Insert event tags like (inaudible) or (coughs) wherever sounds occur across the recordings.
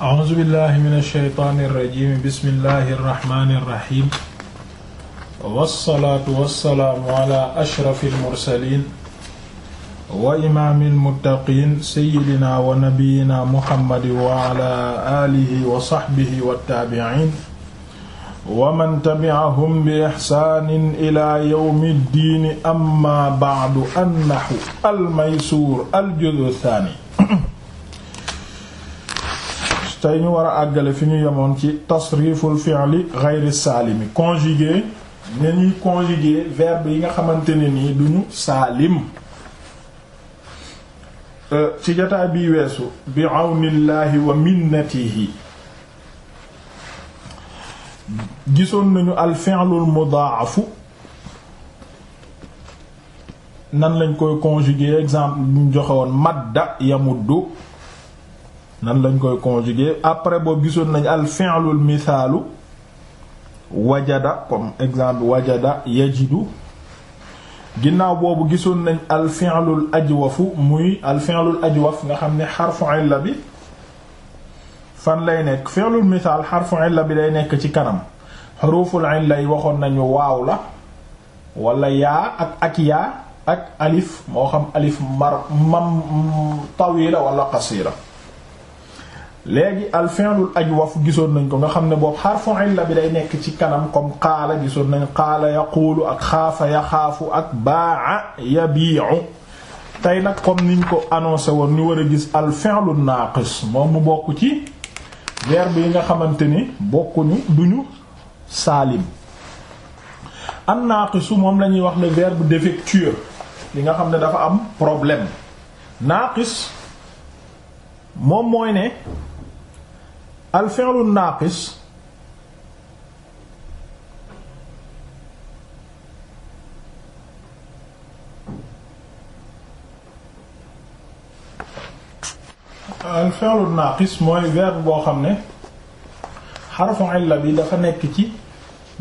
a'uuzu billahi mina shaytaani rajiim bismillahi rahmaani rahiim wassalaatu wassalaamu ala ashrafil mursaliin wa imaamil muttaqiin sayyidinaa wa nabiyyinaa muhammad wa ala aalihi wa sahbihi wa taabi'iin wa man tabi'ahum bi ihsaanin ilaa yawmi ddiini amma ba'du annahu al-maysuur al-juz'u thaani tey ñu war a àggale fi ñu yemoon ci tasriful fi'li ghayri saalimi conjugué ne ñuy conjugué verbe yi nga xamante ne nii duñu saalim euh, ci jotaay bi weesu bi awnillahi wa minnatihi gisoon nañu al fi'lul mudaafu nan lañ koy conjugué exemple bu joxewoon joxe woon madda yamuddu nan lañ koy conjuguer après boo gisoon nañ al fi'lul misaalu wajada comme exemple wajada yajidu ginnaaw boobu gisoon nañ al fi'lul ajwafu muy al fi'lul ajwaf nga xam ne xarfu illa bi fan lay nekk fi'lul misaal xarfu illa bi day nekk ci kanam xuruful illa yi waxoon nañu waaw la wala yaa ak ak yaa ak alif moo xam alif mar mam tawila wala qasira léegi al fi'lul ajwaf gisoon nañ ko nga xam ne boobu xarfu illa bi day nekk ci kanam comme qaala gisoon nañu nañ ya yaquulu ak xaafa ya xaafu ak baa'a yabi'u tey nag comme niñ ko annoncé woon ni war a gis al fi'lun naaqis moom mu bokk ci verbe yi nga xamante ni bokkuñu duñu saalim an naaqisu moom la ñuy wax le verbe défectueux li nga xam ne dafa am problème naaqis moom mooy ne al fi'lu naaqis al fi'lu mooy verbe boo xam ne xarfu illa bi dafa nekk ci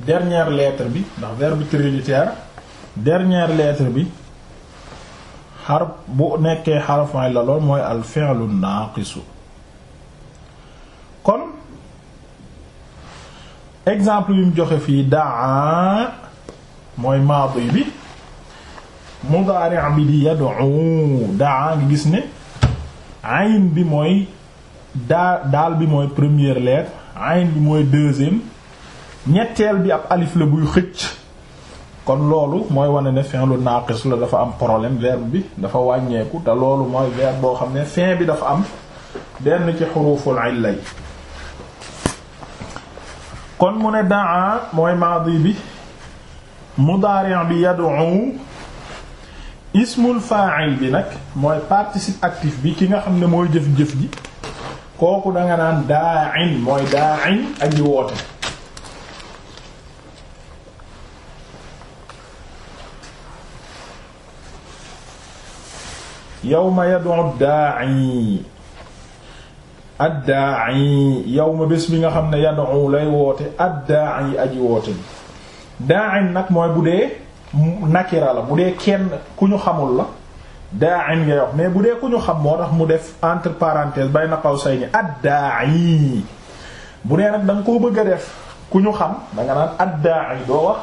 dernière lettre bi ndax verbe trilitère dernière lettre bi xar bu nekkee xarfu illa lool mooy al fi'lu naaqisu exemple yu mu joxe fii daa mooy maadi bi mudaari' bi di yad'u daa nga gis ne ayn bi mooy daa daal bi mooy première lettre ayn bi mooy deuxième ñetteel bi ab alif la buy xëcc kon loolu mooy wane ne fin lu naaqis la dafa am problème verbe bi dafa wàññeeku te loolu mooy verbe boo xam ne fin bi dafa am benn ci xuruful illa kon mu ne daa mooy maadi bi mudaari' bi yad'u ismul fa'il bi nag mooy participe actif bi ki nga xam ne mooy jëf-jëf ji kooku danga naan daa'in mooy daa'in aji woote yawma yad'u da'i addaa'i ma bés bi nga xam ne yad'u lay woote addaa'i aji woote bi daa'in nag mooy bu dee nakira la bu dee kenn ku ñu xamul la daa'in ngay wax mais bu dee ku ñu xam moo tax mu def entre parenthèse bayna qawsayni addaa'i bu dee nag da nga koo bëgg a def ku ñu xam da nga naan addaa'i doo wax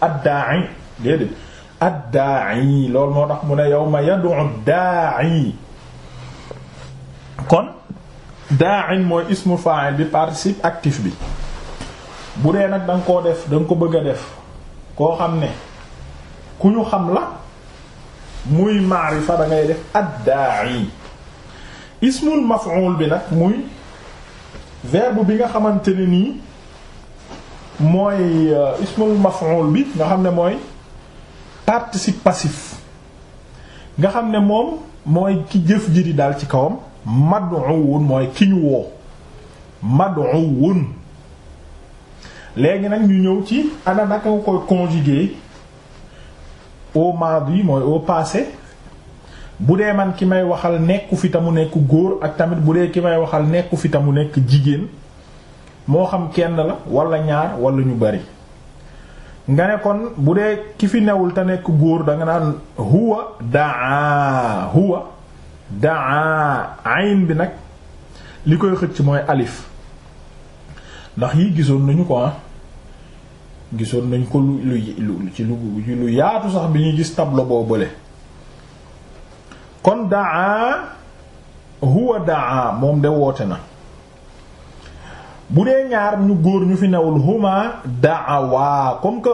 addaa'i déedéet addaa'i loolu moo tax mu ne yawma yad'u addaa'i kon da'in mooy ismu fa'il bi participe actif bi bu dee nag danga koo def danga ko bëgg a def koo xam ne ku ñu xam la muy maari da ngay def ad-da'i ismul maf'ul bi nag muy verbe bi nga xamante ne nii mooy euh, ismul maf'ul bi nga xam ne mooy participe passif nga xam ne moom mooy ki jëf ji di daal ci kawam mad'uun mooy ki ñu woo mad'uun léegi nag ñu ñëw ci ana naka nga koy conjuguer au madi mooy au passé bu dee man ki may waxal nekku fi tamu nekk góor ak tamit bu dee ki may waxal nekku fi tamu nekk jigéen moo xam kenn la walla ñaar walla ñu bari nga ne kon bu dee ki fi newul te nekk góor danga naan huwa daa huwa daa ayn bi nag li koy xëcc mooy alif ndax yi gisoon nañu ko ah gisoon nañ ko lu lu yaatu sax bi ñuy gis tableau boo bële kon daa huwa daa moom de woote na bu dee ñaar ñu góor ñu fi newul huma daawa comme que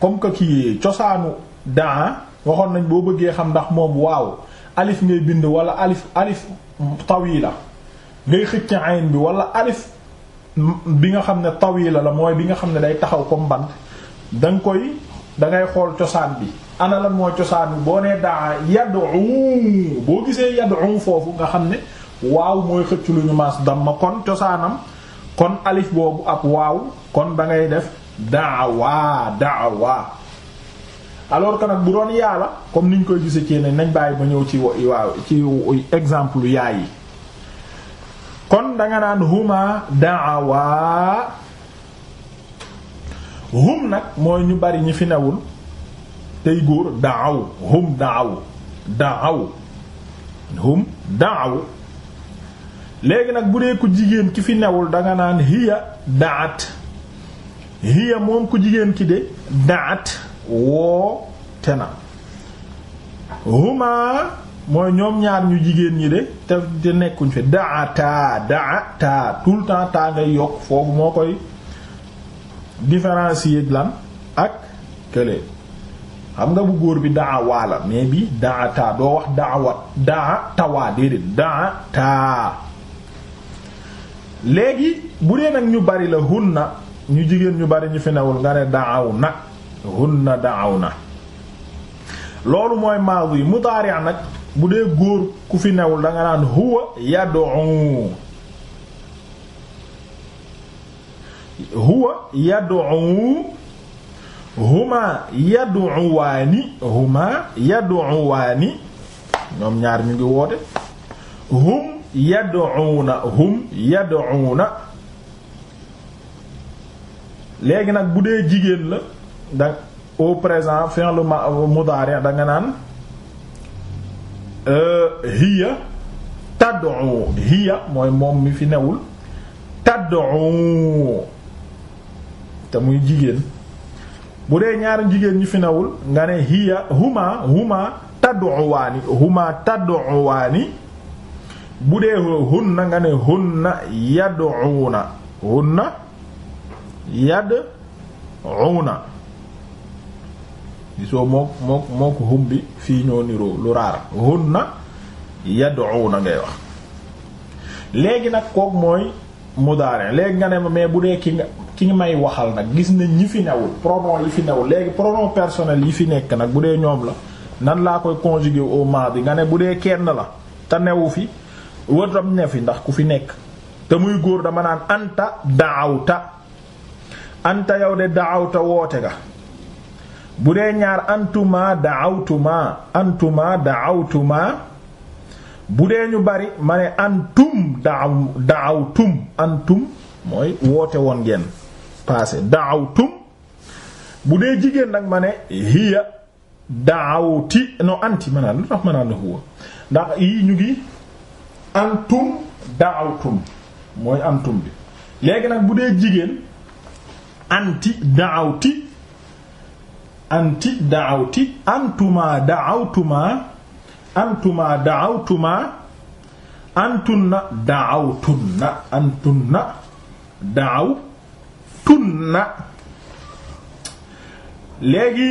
comme que kii cosaanu daa waxoon nañ boo bëggee xam ndax moom waaw alif ngay bind wala alif alif tawila ngay xëcc ayn bi wala alif bi nga xam ne tawila la mooy bi nga xam ne day taxaw comme bant da nga koy da xool cosaan bi ana lan mooy cosaan bi boo nee daa yaddu boo gisee yaddu foofu nga xam ne waaw mooy xëcc lu ñu maas kon cosaanam kon alif boobu ak waaw kon dangay def daawaa daawaa alors que nag bu doon yàlla la comme niñ koy gisee ci ne nañ bàyyi ba ñëw ci waaw ci exemple yaa yi kon danga naan huma daawa hum nag mooy ñu bari ñi fi newul tey góor daaw hum daaw daaw hum daaw léegi nag bu dee ku jigéen ki fi newul danga naan hiya daat hiya moom ku jigéen ki de daat woo te na huma mooy ñoom ñaar ñu jigéen ñi de te te nekkuñ fi daa taa daa taa tout le temps ngay yokk foofu moo koy différencier lan ak kële xam nga bu góor bi daa waa bi daa taa doo wax daa wat daa déedéet daa léegi bu dee nag ñu bari la hunna ñu jigéen ñu bari ñu fi newul nga ne daaw na hunna daaw na loolu mooy maadi yi mudaari nag bu dee góor ku fi newul danga naan huwa yad'u huwa yad'u huma yad'uwaani huma yad'uwaani ñoom ñaar ñu ngi woote hum yad'uuna hum yad'uuna léegi nag bu dee jigéen la da au présent da nga naan euh, hiya tad'u hiya mooy moom mi fi newul tad'u te muy jigéen bu dee ñaari jigéen ñi fi newul nga ne hiya huma huma tad'uwaani huma tad'uwaani bu dee hunna nga ne hunna yad'una hunna yad'una gisoo mook mook mook hum bi fii ñoo niroo lu raar hunna na ngay wax léegi nag kook mooy mudaari léegi nga ne ma mais bu dee ki nga ki may waxal nag gis na ñi fi newul pronom yi fi newul léegi pronom personnel yi fi nekk nag bu dee ñoom la nan laa koy conjuguer au bi nga ne bu dee kenn la te newu fi wadam ne fi ndax ku fi nekk te muy góor dama naan anta daawta anta yow de daawta woote nga bu dee ñaar antuma daawtuma antuma daawtuma bu dee ñu bari ma ne antum daawtum antum mooy woote woon ngeen passé daawtum bu dee jigéen nag ma ne hiya daawti no anti ma naan lu huwa ndax yii ñu ngi antum daawtum mooy antum bi léegi nag bu dee jigéen anti daawti anti da'awti antuma da'awtuma antuma da'awtuma antunna da'awtunna antunna da'awtunna léegi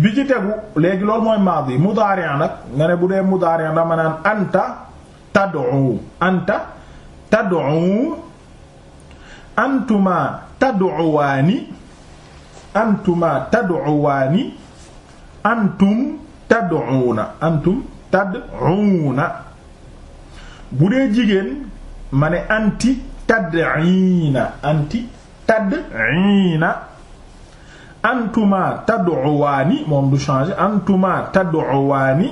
bi ci tegu léegi loolu mooy maadi mudaari nag nga bu dee mudaari dama anta tad'uwaani antuma tad'uwaani antum tad'uuna antum tad'uuna bu dee jigéen ma ne anti tad'iina anti tad'iina antuma tad'uwaani moom du changer antuma tad'uwaani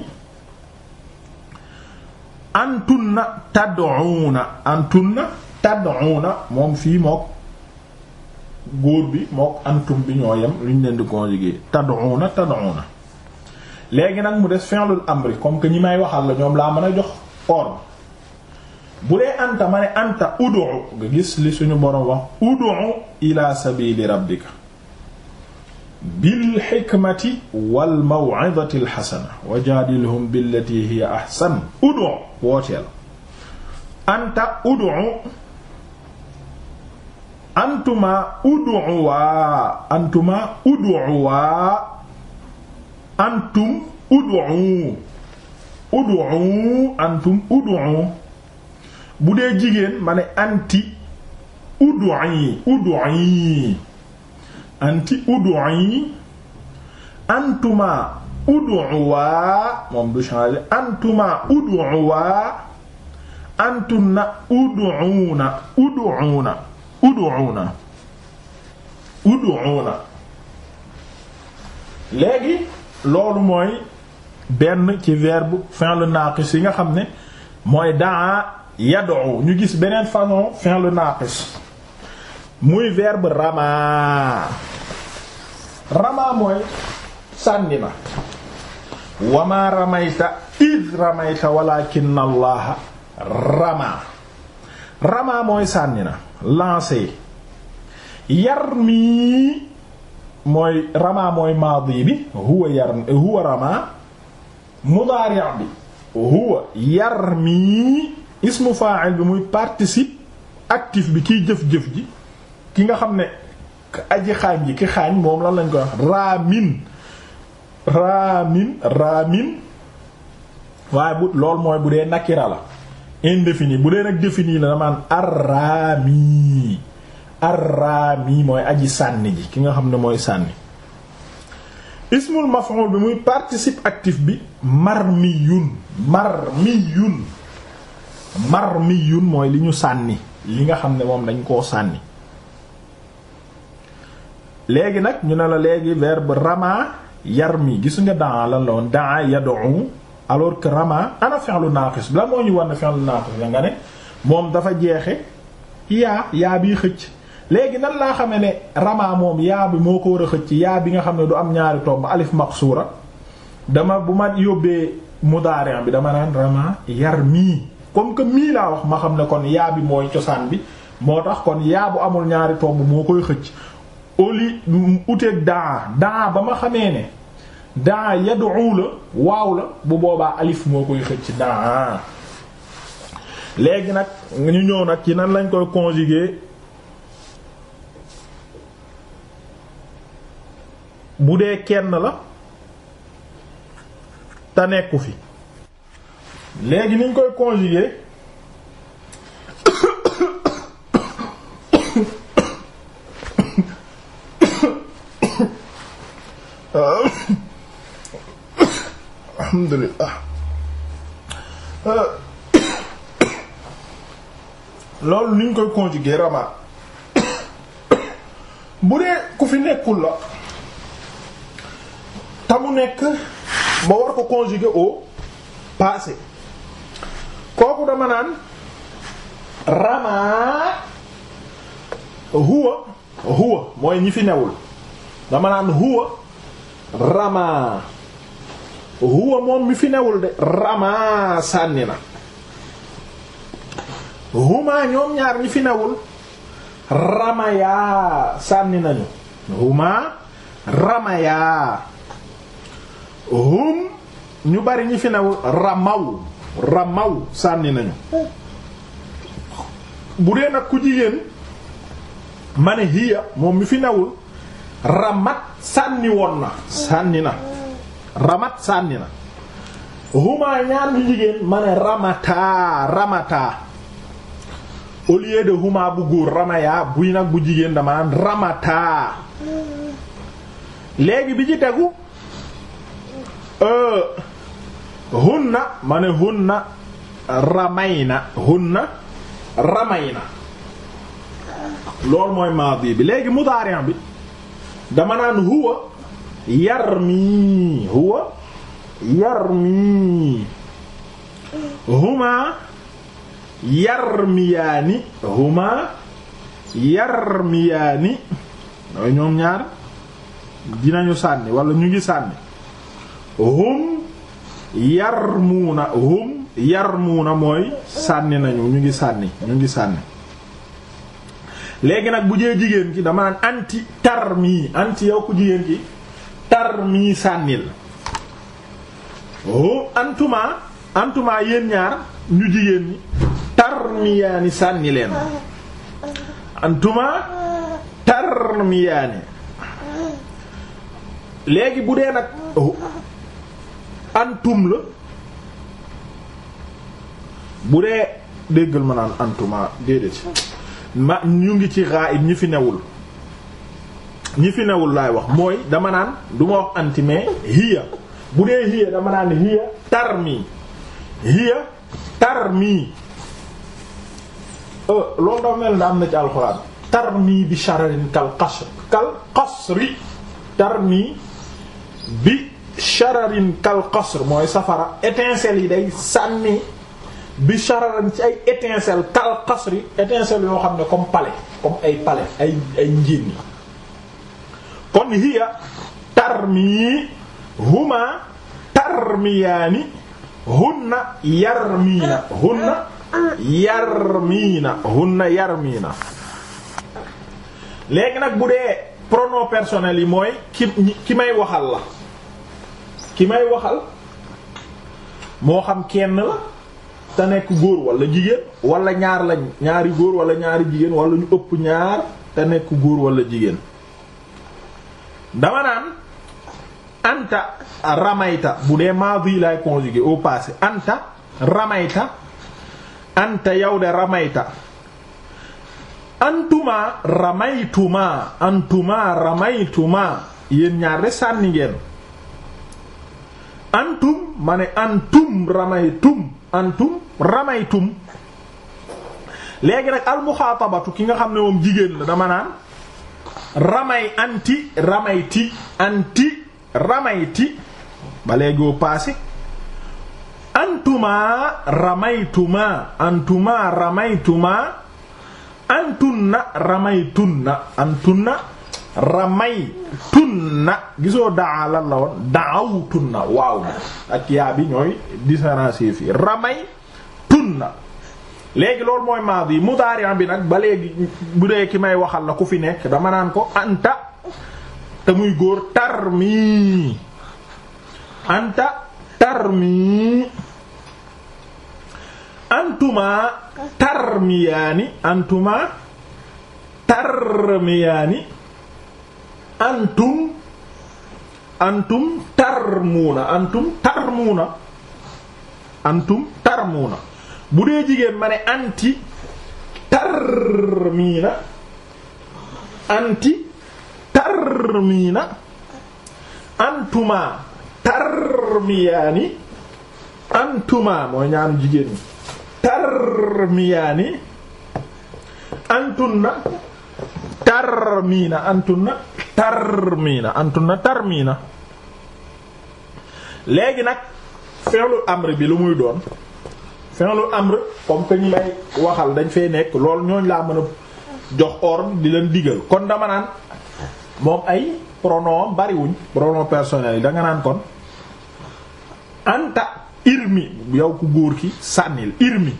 antunna tad'uuna antunna tad'uuna moom fii mook góor bi mook antum bi ñoo yem lu ñu leen di conjuguer tad'una tad'una léegi nag mu des fi'lul amri comme que ñi may waxal la ñoom laa mën a jox ordre bu dee anta ma ne anta ud'u nga gis li suñu boroom wax ud'u ila sabili rabbika bil hikmati wal maw'izati al hasana wajadilhum billati hiya ahsan ud'u wooteel anta ud'u antuma ud'uwa antuma ud'uwa antum ud'u ud'u antum ud'u bu dee jigéen ma ne anti ud'u ud'u anti ud'u antuma ud'uwa moom du changer antuma ud'uwa antunna ud'una ud'una ud'una ud'una léegi loolu mooy benn ci verbe fi'l naaqis yi nga xam ne mooy daa yad'u ñu gis beneen façon fi'l naaqis muy verbe rama rama mooy sànni na wama ramayta id ramayta walakin allaha rama rama mooy sànni na lancé yar mii mooy rama mooy maadi bi huwa yar huwa rama mudaari' bi huwa yar mii ismu fa'il bi muy participe actif bi kiy jëf-jëf ji ki nga xam ne aji xaañ ji ki xaañ moom lan lañ koy wax raamin raamin raamin waaye bu loolu mooy bu dee nakira la indéfini bu dee nag défini la damaan arraami arraami mooy aji sànni ji ki nga xam ne mooy sànni ismul maf'ul bi muy participe actif bi marmiyun marmiyun marmiyun mooy li ñu sànni li nga xam ne moom dañ koo sànni léegi nag ñu ne la léegi verbe rama yarmi gis nga daa lan la woon daa yad'u alors que rama ana fi'lu naaqis la moo ñu war ne fi'lu naaqis la nga ne moom dafa jeexe yaa yaa bii xëcc léegi nan laa xame ne rama moom yaa bi moo ko war a xëcc yaa bi nga xam ne du am ñaari tomb alif maqsuura dama bu ma yóbbee mudaari' bi dama naan rama yar mii comme que mii laa wax ma xam ne kon yaa bi mooy cosaan bi moo tax kon yaa bu amul ñaari tomb moo koy xëcc oli uteeg daa daa ba ma xamee ne daa yadu la waaw la bu boobaa alif moo koy xëcc daa léegi nag ñu ñëw nag ci nan lañ koy conjuguer bu dee kenn la te nekku fi léegi niñ koy conjuguer alhamdulillah (coughs) euh, (coughs) loolu ni ñu koy conjuguer rama (coughs) bu dee ku fi nekkul la te mu nekk ba war ko conjuguer au passé kooku dama naan ramaa huwa huwa mooy ñi fi newul dama naan huwa ramaa huwa moom mi fi newul de ramaa sànni na huma ñoom ñaar ñi fi newul ramayaa sànni nañu huma ramayaa hum ñu bari ñi fi newul ramaw ramaw sànni nañu bu dee nag ku jigéen ma ne hiya moom mi fi newul ramat sànni woon na sànni na ramat sànni na huma ñaar ñu jigéen ma ne ramata ramata au lieu de huma bu góor nag bu jigéen dama naan ramata léegi bi ci tegu euh, hunna ma ne hunna ramayna hunna ramayna loolu mooy maadi bi léegi mudaari' bi dama naan huwa yarmi huwa yarmi huma yarmiyaani huma yarmiyaani nooy ñoom ñaar dinañu sànni wala ñu ngi sànni hum yarmuuna hum yarmuuna mooy sànni nañu ñu ngi sànni ñu ngi sànni léegi nag bu jee jigéen ki dama naan anti tarmi anti yow jigéen ki tar mi sànnil ho oh, antuma antuma yéen ñaar ñu jigéen ñi tarmiyaani sànni leen antuma tarmiyaani léegi bu dee nag oh, antum la bu dee déggal ma naan antuma déedéet ma ñu ngi ci ghaib ñi fi newul ñi fi newul laay wax mooy dama naan du ma wax anti mais bu dee hiya dama naan hiya tarmi hiya tarmi euh, loolu dafa mel ne am na ci alxuraan tarmi bi shararin kal qasr kal tarmi bi shararin kal mooy safara étincelle yi day sànni bi shararin ci ay étincelle kal qasri étincelle yoo xam ne comme palais comme ay palais ay ay njénni kon hiya tarmi huma tarmiyaani hunna yarmiina hunna yarmiina hunna yarmiina léegi nag bu dee pronom personnel yi mooy ki ki may waxal la ki may waxal moo xam kenn la te nekk góor wala jigéen wala ñaar lañ ñaari góor wala ñaari jigéen wala ñu ëpp ñaar te nekk góor walla jigéen dama naan anta ramayta bu dee maadi lay conjugué au passé anta ramayta anta yow de ramayta antuma ramaytuma antuma ramaytuma yéen ñaar de sànni ngeen antum ma ne antum ramaytum antum ramaytum léegi nag almuxaatabatu ki nga xam ne moom jigéen la dama naan ramay anti ramayti anti ramayti ba léegoo passé antuma ramaytuma antuma ramaytuma antunna ramaytunna antunna ramaytunna gisoo daa lan la woon daawtunna waaw ak yaa bi ñooy différencier fii ramaytunna léegi loolu mooy maadi mudaari bi nag ba léegi bu ki may waxal la ku fi nekk damanaan ko anta te muy góor tarmi anta tarmi antuma tarmiyaani antum antum tarmuuna antum tarmuuna antum tarmuuna bu dee jigéen ma ne anti tarmiina anti tarmiina antuma tarmiyaani antuma mooy ñaanu jigéen ñi tarmiyaani antunna tarmiina antunna tarmiina antunna tarmiina léegi nag feelu amri bi lu muy doon fi'lu amr comme que may waxal dañ fee nekk loolu ñooñ laa mën a jox ordre di leen digal kon dama naan moom ay pronom bariwuñ pronom personnel yi danga naan kon anta irmi yow ku góor ki sànnil irmi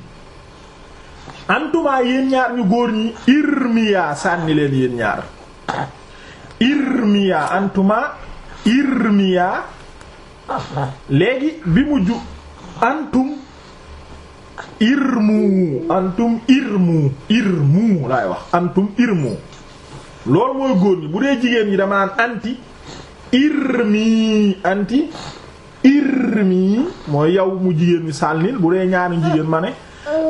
antumaa yéen ñaar ñu góor ñi irmiyaa sànni leen yéen ñaar irmiyaa antumaa irmiyaa léegi bi mujj antum irmu antum irmu antum irmu loolu mooy ñi bu dee jigéen ñi dama naan anti irmi anti irmi mooy yow mu jigéen ñi sànnil bu dee ñaari jigéen ma ne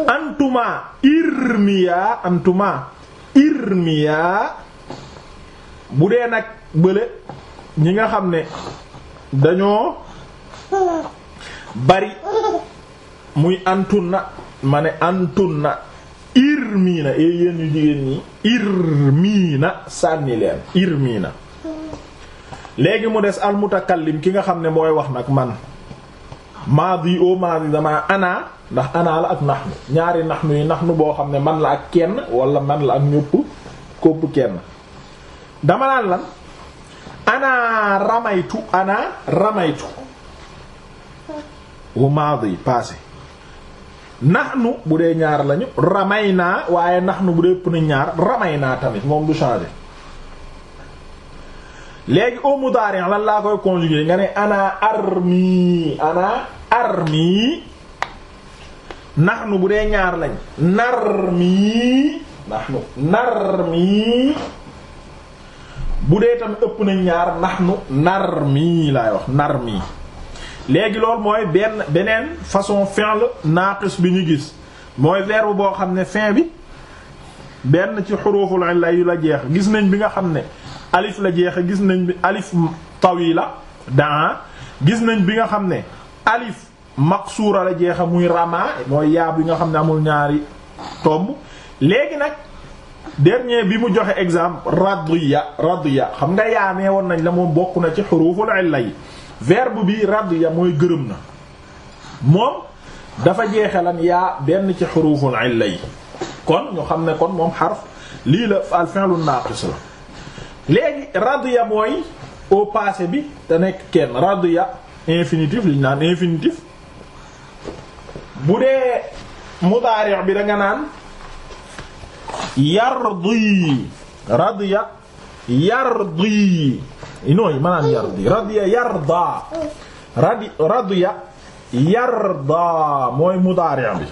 antuma irmiya antuma irmiya bu dee nag bële ñi nga xam ne dañoo bari muy antunna ma ne antunna irmiina ee eh, yéen yu jigéen ñi irmiina sànni leen irmiina léegi mu des almutakallim ki nga xam ne mooy wax nag man maadi o maadi damaa ana ndax ana la ak naxnu ñaari naxnu yi naxnu boo xam ne man la ak kenn wala man la ak ñëpp kopp kenn dama naan lan ana ramaytu ana ramaytu o maadi passé nax naxnu bu dee ñaar lañu ramay naa waaye naxnu bu dee ëpp na ñaar ramay naa tamit moom du changer léegi au mudari lan laa koy conjuguer nga ne ana armi ana armi naxnu bu dee ñaar lañ narmi naxnu narmi bu dee tamit ëpp na ñaar naxnu narmi laay wax mii léegi loolu mooy benn beneen façon fi'l naaqis bi ñu gis mooy verbe boo xam ne fin bi benn ci xuruful illa yu la jeex gis nañ bi nga xam ne alif la jeex a gis nañ bi alif tawila daa gis nañ bi nga xam ne alif maqsuura la jeex a muy rama mooy yaab yi nga xam ne amul ñaari tomb léegi nag dernier bi mu joxe exemple radiya ya xam nga yaanee woon nañ la moom bokk na ci xuruful illa yi verbe bi radiya mooy gërëm na moom dafa jeexalan yaa benn ci xuruful illa yi kon ñu xam ne kon moom xarf lii la al fi'lu naaqis la léegi radiya mooy au passé bi te nekk kenn radiya infinitif li naan infinitif bu dee mudaari' bi da naan yardi radiya yardi Eh, nooy maanaam yardi radiya yarda radi radiya yarda mooy mudaari' bi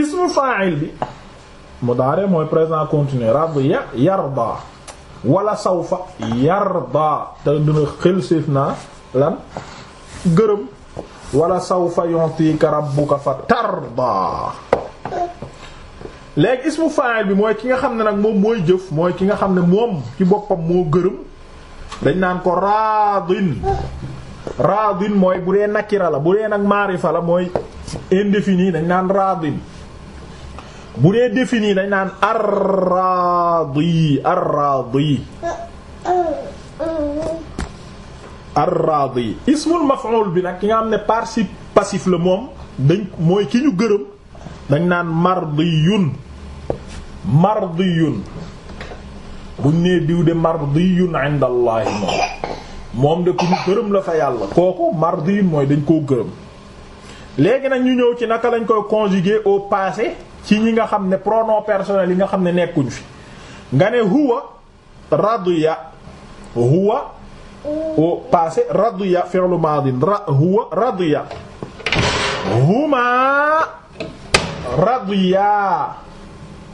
ismu fa'il bi mudaari' mooy présent continu radiya yarda wala sawfa yarda te dina xel séef naa lan gërëm wala sawfa yu'tika rabbuka fa tarda léegi ismu fa'il bi mooy ki nga xam ne nag moom mooy jëf mooy ki nga xam ne moom ci boppam moo gërëm dañ naan ko raadin raadin mooy bu dee nakira la bu dee nag maarifa la mooy indéfini dañ naan raadin bu dee défini dañ naan arraadi arraadi arraadi ismul maf'ul bi nag ki nga xam ne participe passif la moom dañ mooy ki ñu gërëm dañ naan mardiyun mardiyun buñ nee diw de mardiyun inda allahi moom moom de ku ñu gërëm la fa yàlla kooku mardiyun mooy dañ koo gërëm léegi nag ñu ñëw ci naka lañ koy conjuguer au passé ci ñi nga xam ne pronom personnel yi nga xam ne nekkuñ fi nga ne huwa radiya huwa au passé radiya fi'lu madin ra huwa radiya huma radiya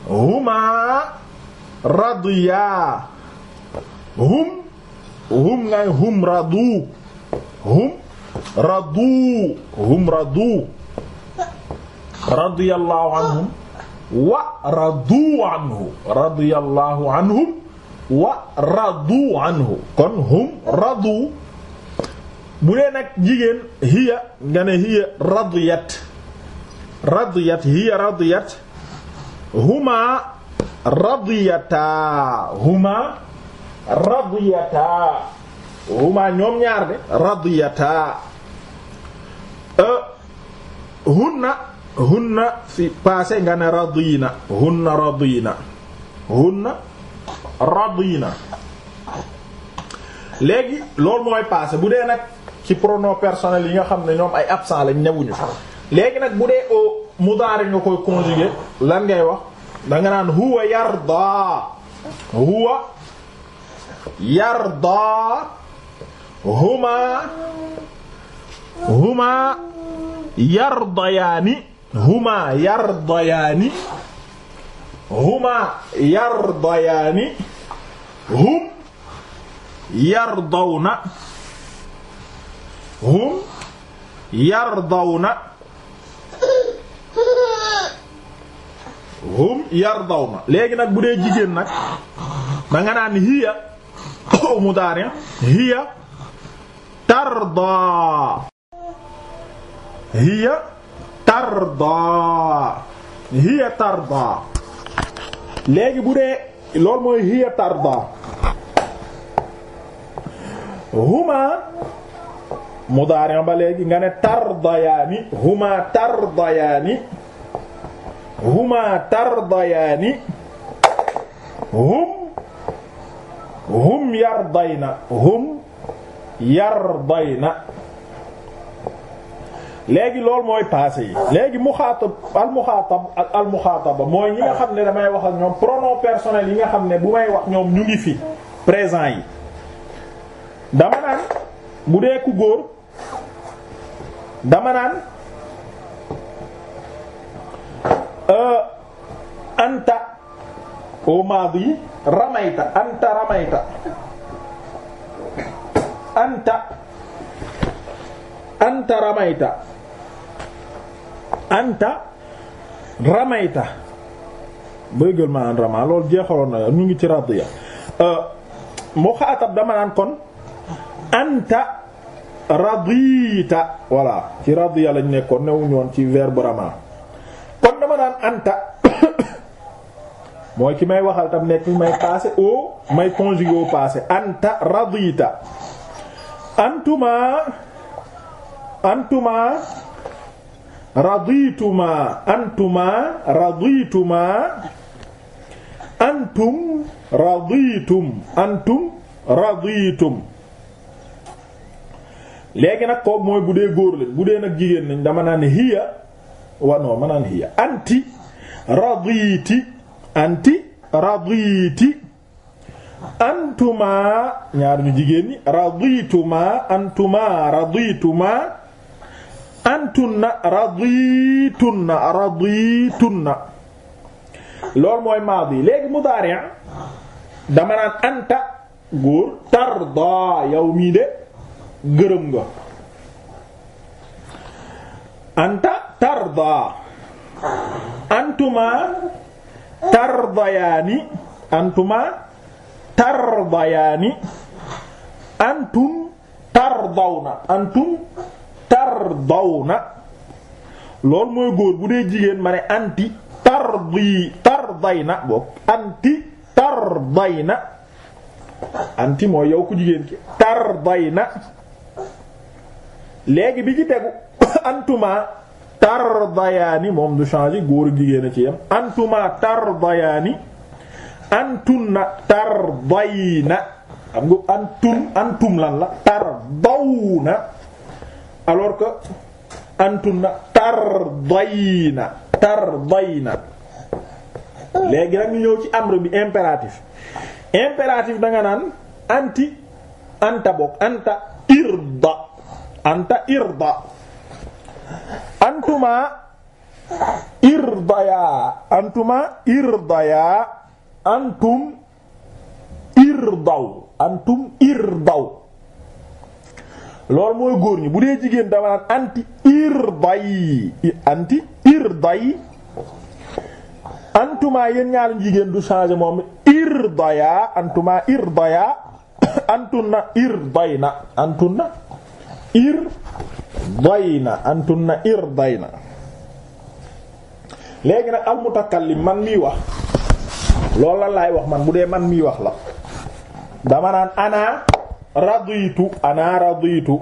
huma radiya hum hum ngay hum radu hum radu hum radu radiyallahu anhum wa radu anhu radiyallahu anhum wa radu anhu kon hum radu bu dee nag jigéen hiya nga ne hiya radiyat radiyat hiya radiyat huma radiyata huma radiyata huma ñoom ñaar de radiyata euh, hunna hunna fi passé nga ne radina hunna radina hunna radina léegi loolu mooy passé bu dee nag ci pronom personnel yi nga xam ne ñoom ay absent lañ newuñu léegi nag bu dee au mudaari nga koy conjuguer lan ngay wax danga naan huwa yarda huwa yarda huma huma yardayaani huma yardayaani huma yardayaani hum yardawna hum yardawna hum yardawna léegi nag bu dee jigéen nag danga naan hiya (coughs) mudaari hiya tardaa hiya tardaa hiya tardaa léegi bu dee loolu mooy hiya tardaa huma mudaari ba léegi nga ne tardayaani huma tardayaani huma tardayaani hum hum yardayna hum yardayna léegi loolu mooy passé yi léegi muxaatab al muxaatab ak al muxaataba mooy ñi nga xam ne damay wax ak ñoom pronom personnel yi nga xam ne bu may wax ñoom ñu ngi fi présent yi dama naan bu dee ku góor dama naan Euh, anta au maadi ramayta anta ramayta anta anta ramayta anta ramayta bëggal ma an rama loolu jeexaloon na ñu ngi ci radiya euh, mu xaatab dama naan kon anta radita voilà ci radiya lañ nekkoon newuñu woon ci verbe rama dama naan anta (coughs) mooy ki may waxal tam nekk may passé au may conjugué au passé anta radita antuma antuma radituma antuma radituma antum raditum antum nag kooku mooy bu dee góor bu dee nag jigéen nañ dama hiya wanoo manaan hiya anti raditi anti raditi antuma ñaar ñu jigéen ñi radituma antuma radituma antunna raditunna raditunna loolu mooy maadi léegi mudaari' ah, dama naan anta góor tarda yow mii de gërëm nga anta tarda antuma tardayaani antuma tardayaani antum tardawna antum tardawna mooy góor bu dee jigéen ma ne anti tardi anti tardayna anti mooy yow ku jigéen ki tardayna léegi bi tegu (coughs) antuma tardayaani moom du changer góor a jigéen a ci yam antuma tardayaani antunna tardayna xam nga antum lan la tardawna alors que antunna tardayna tardayna léegi nag ñu ñëw ci amr bi impératif impératif da naan anti anta bokk anta irda anta irda antuma irdaya antuma irdaya antum irdaw antum irdaw loolu mooy góor ñi bu dee jigéen dama naan anti irday anti irday antuma yéen ñaari jigéen du changer moom irdaya antuma irdaya (coughs) antuna irdayna antuna ir dayna antunna ir dayna léegi nag al mutakallim man miy wax loolu la laay wax man bu dee man miy wax la dama naan ana raditu ana raditu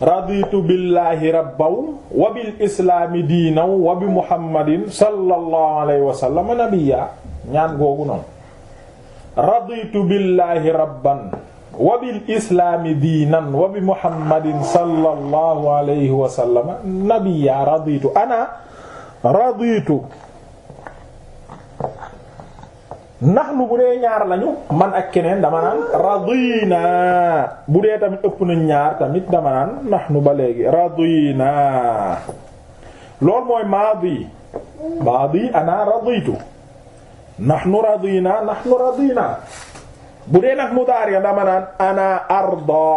raditu billaahi rabbaw wa bil islaami diinaw wa bi muhammadin sallallahu alayhi wa sallam nabiyya ñaan googu noonu raditu billaahi rabban wa bil islaami diinan wa bi muhammadin sallallahu alayhi wa sallam nabiyya raditu ana raditu nahnu bu dee ñaar lañu man ak keneen dama naan radina bu dee tamit ëpp nañ ñaar tamit dama naan nahnu ba léegi radina loolu mooy maadi maadi ana raditu nahnu radina nahnu radina bu dee nag mudaari ya dama naan ana arda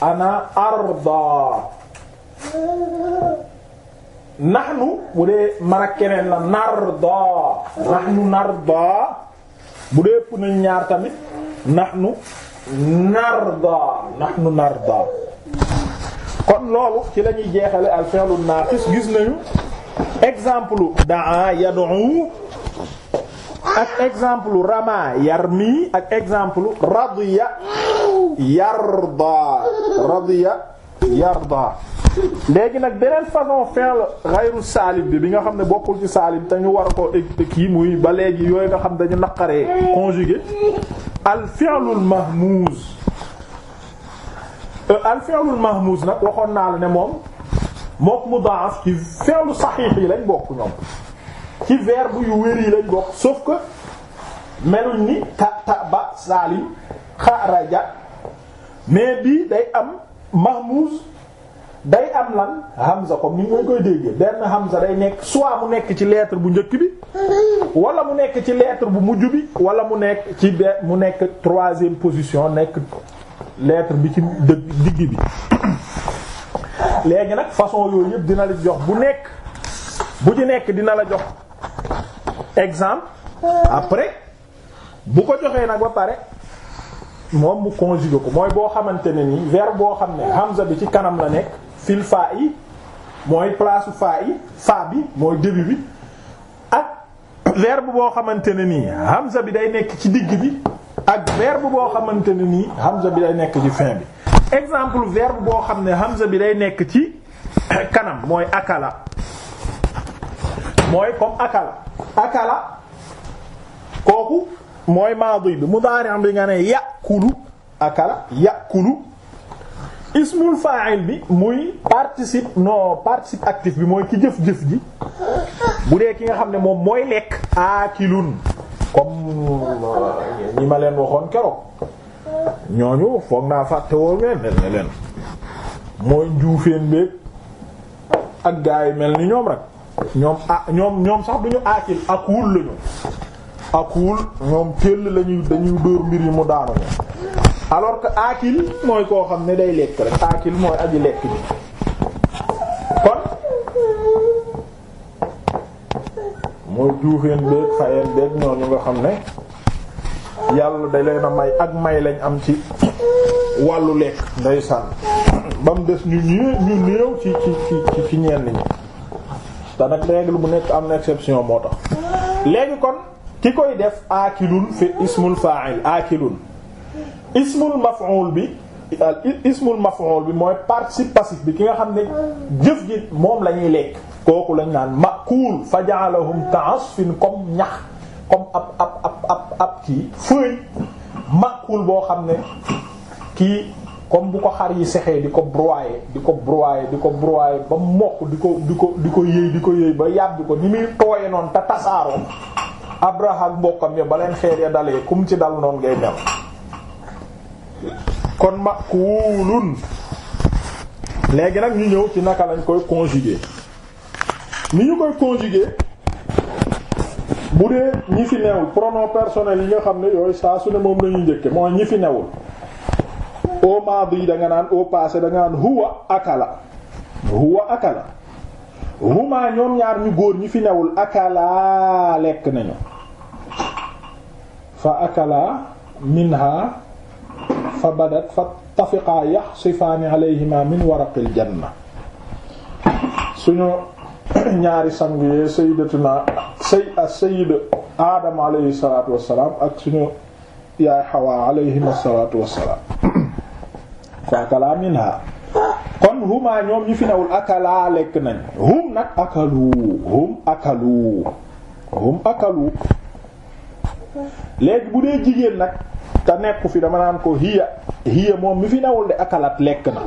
ana arda nahnu bu dee man ak keneen la narda nahnu narda bu dee ëpp nañ ñaar tamit nahnu narda kon loolu ci la ñuy jeexale al fi'lu gis nañu exemple daa yad'u ak exemple rama yarmi ak exemple radiya yarda radiya yarda léegi nag beneen façon fi'l ghayru saalim bi bi nga xam ne bokkul ci saalim te ñu war ko e, e, kii muy ba léegi yooyu nga xam dañu naqaree conjugué al fi'lul mahmuz euh, al fi'lul mahmuz nag waxoon naa la ne moom mook mudaaf ci fi'lu saxiix yi lañ bokk ñoom ci verbe yu wér yi lañ bokk sauf que meluñ ni ta ta ba salim xaraja mais bi day am mahmuz day am lan hamza mu ni nga koy déggee benn hamza day nekk soit mu nekk ci leetre bu njëkk bi walla mu nekk ci lettre bu mujj bi wala mu nekk ci be mu nekk troisième position nekk leetre bi ci digg bi léegi nag façon yooyu yëpp dina la jox bu nekk bu ci nekk dina la jox exemple après bu ko joxee nag ba pare moom mu conjugué ko mooy boo xamante ne ni verbe boo xam ne hamza bi ci kanam la nekk fil faa yi mooy place faa yi faa bi mooy début bi ak verbe boo xamante ne nii hamza bi day nekk ci digg bi ak verbe boo xamante ne nii hamza bi day nekk fin bi exemple verbe boo xam ne hamza bi day nekk ci kanam mooy akala mooy comme akala akala kooku mooy maadi bi mudaari' bi nga ne yàkkulu akala yàkkulu ismul fa'il bi muy participe non participe actif bi mooy ki jëf-jëf ji bu dee ki nga xam ne moom mooy lekk aakilun comme euh, ñi ma leen waxoon keroog ñooñu foog naa fàtte woo ngeen ne leen mooy njuufeen beeg ak gaa mel ni ñoom rek ñoom ah ñoom ñoom sax duñu ak akuul lañu akuul ñoom teel lañuy dañuy dóor mbir yi mu daanu alors que aakil mooy koo xam ne day lekk rek aakil mooy aji lekk bi kon nga xam ne yàlla da leen a may ak may lañ am ci wàllu lekk ndeysaan ba mu des ñu ñëw ñu néew ci ci ci ci ñi te nag bu nekk am na exception moo tax léegi kon ki koy def aakilun fi ismul fa'il aakilun ismul maf'ul bi ismul maf'ul bi mooy participe passif bi ki nga xam ne jëf ji moom lañuy lekk kooku lañ naan makuul fa ja'alahum ka'asfin comme ñax comme ab ab ab ab ab kii fëy makuul boo xam ne kii comme bu ko xar yi sexee di ko broyer di ko broyer di ko broyer ba mokk di ko di ko di ko yëy di ko yëy ba yàbbi ko ni muy tooye noonu te tasaaroo abraham mbokkam ya ba leen xeer ya dalee kum ci dal noonu ngay mel kon makulun léegi nag ñu ñëw ci naka lañ koy conjuguer ni ñu koy conjuguer bu dee ñi fi newul pronom personnel yi nga xam ne yooyu saa su ne moom lañuy njëkke mooy ñi fi newul au maadi da nga naan au passé da naan huwa akala huwa akala huma ñoom ñaar ñu góor ñi fi newul akala lekk nañu fa akala minha fa badat fa tafiqaa yaxsifaani alayhima min waraqil janna suñu ñaari sang yee sayyidatuna say sayyid aadama alayhi wassalaam ak suñu yaay xawaa alayhima salaatu wassalaam akala minha kon huma ñoom ñu fi newul akala lekk nañ hum nag akalu hum akalu hum akalu léegi bu dee jigéen nag te nekku fi dama naan ko hiya hiya moom mi fi nawul de akalat lekk na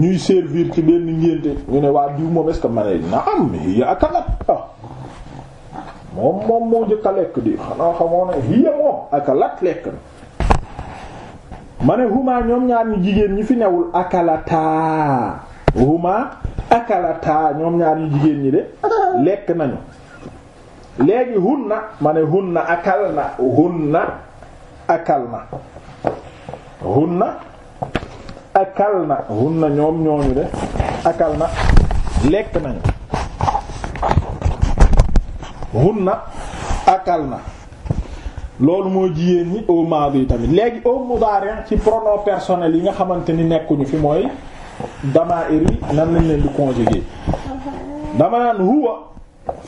ñuy servir ci benn ngénte ñu ne waa diw moom est-ce que ma ne ah. moom moom moo jëkk a lekk di xanaa xamoo ne hiya moom akalat lekk na ma ne huma ñoom ñaar ñu jigéen ñi fi ñawul akalataa huma akalataa ñoom ñaar ñu jigéen ñi de lekk nañu léegi na ma ne hunna akal na hunna akal na hunna akal na hunna ñoom ñooñu de akal na lekk nañu na akal na loolu moo jigéen ñi au maadi yi tamit léegi au mudaari ci pronom personnel yi nga xamante ni nekkuñu fi mooy damaa'ir yi nan lañ leen di conjuguer dama naan huwa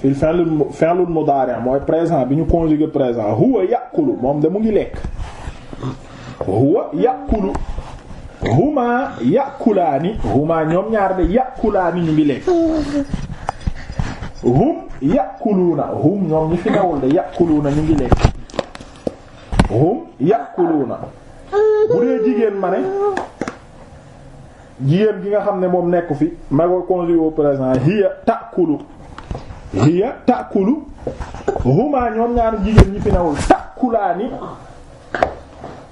fil fi'l fi'l mudaari mooy présent bi ñu conjuguer présent huwa yàqulu moom de mu ngi lekk huwa yàqulu huma ni huma ñoom ñaar de yàqulaani ñu ngi lekk hum yàquluuna hum ñoom ñi fi nawul de yàquluuna ñu ngi lekk hum na bu dee jigéen ma ne jigéen gi nga xam ne moom nekku fi ma ko conjugué au présent hiya ta'kulu hiya ta'kulu huma ñoom ñaari jigéen ñi fi nawul ta'kulaani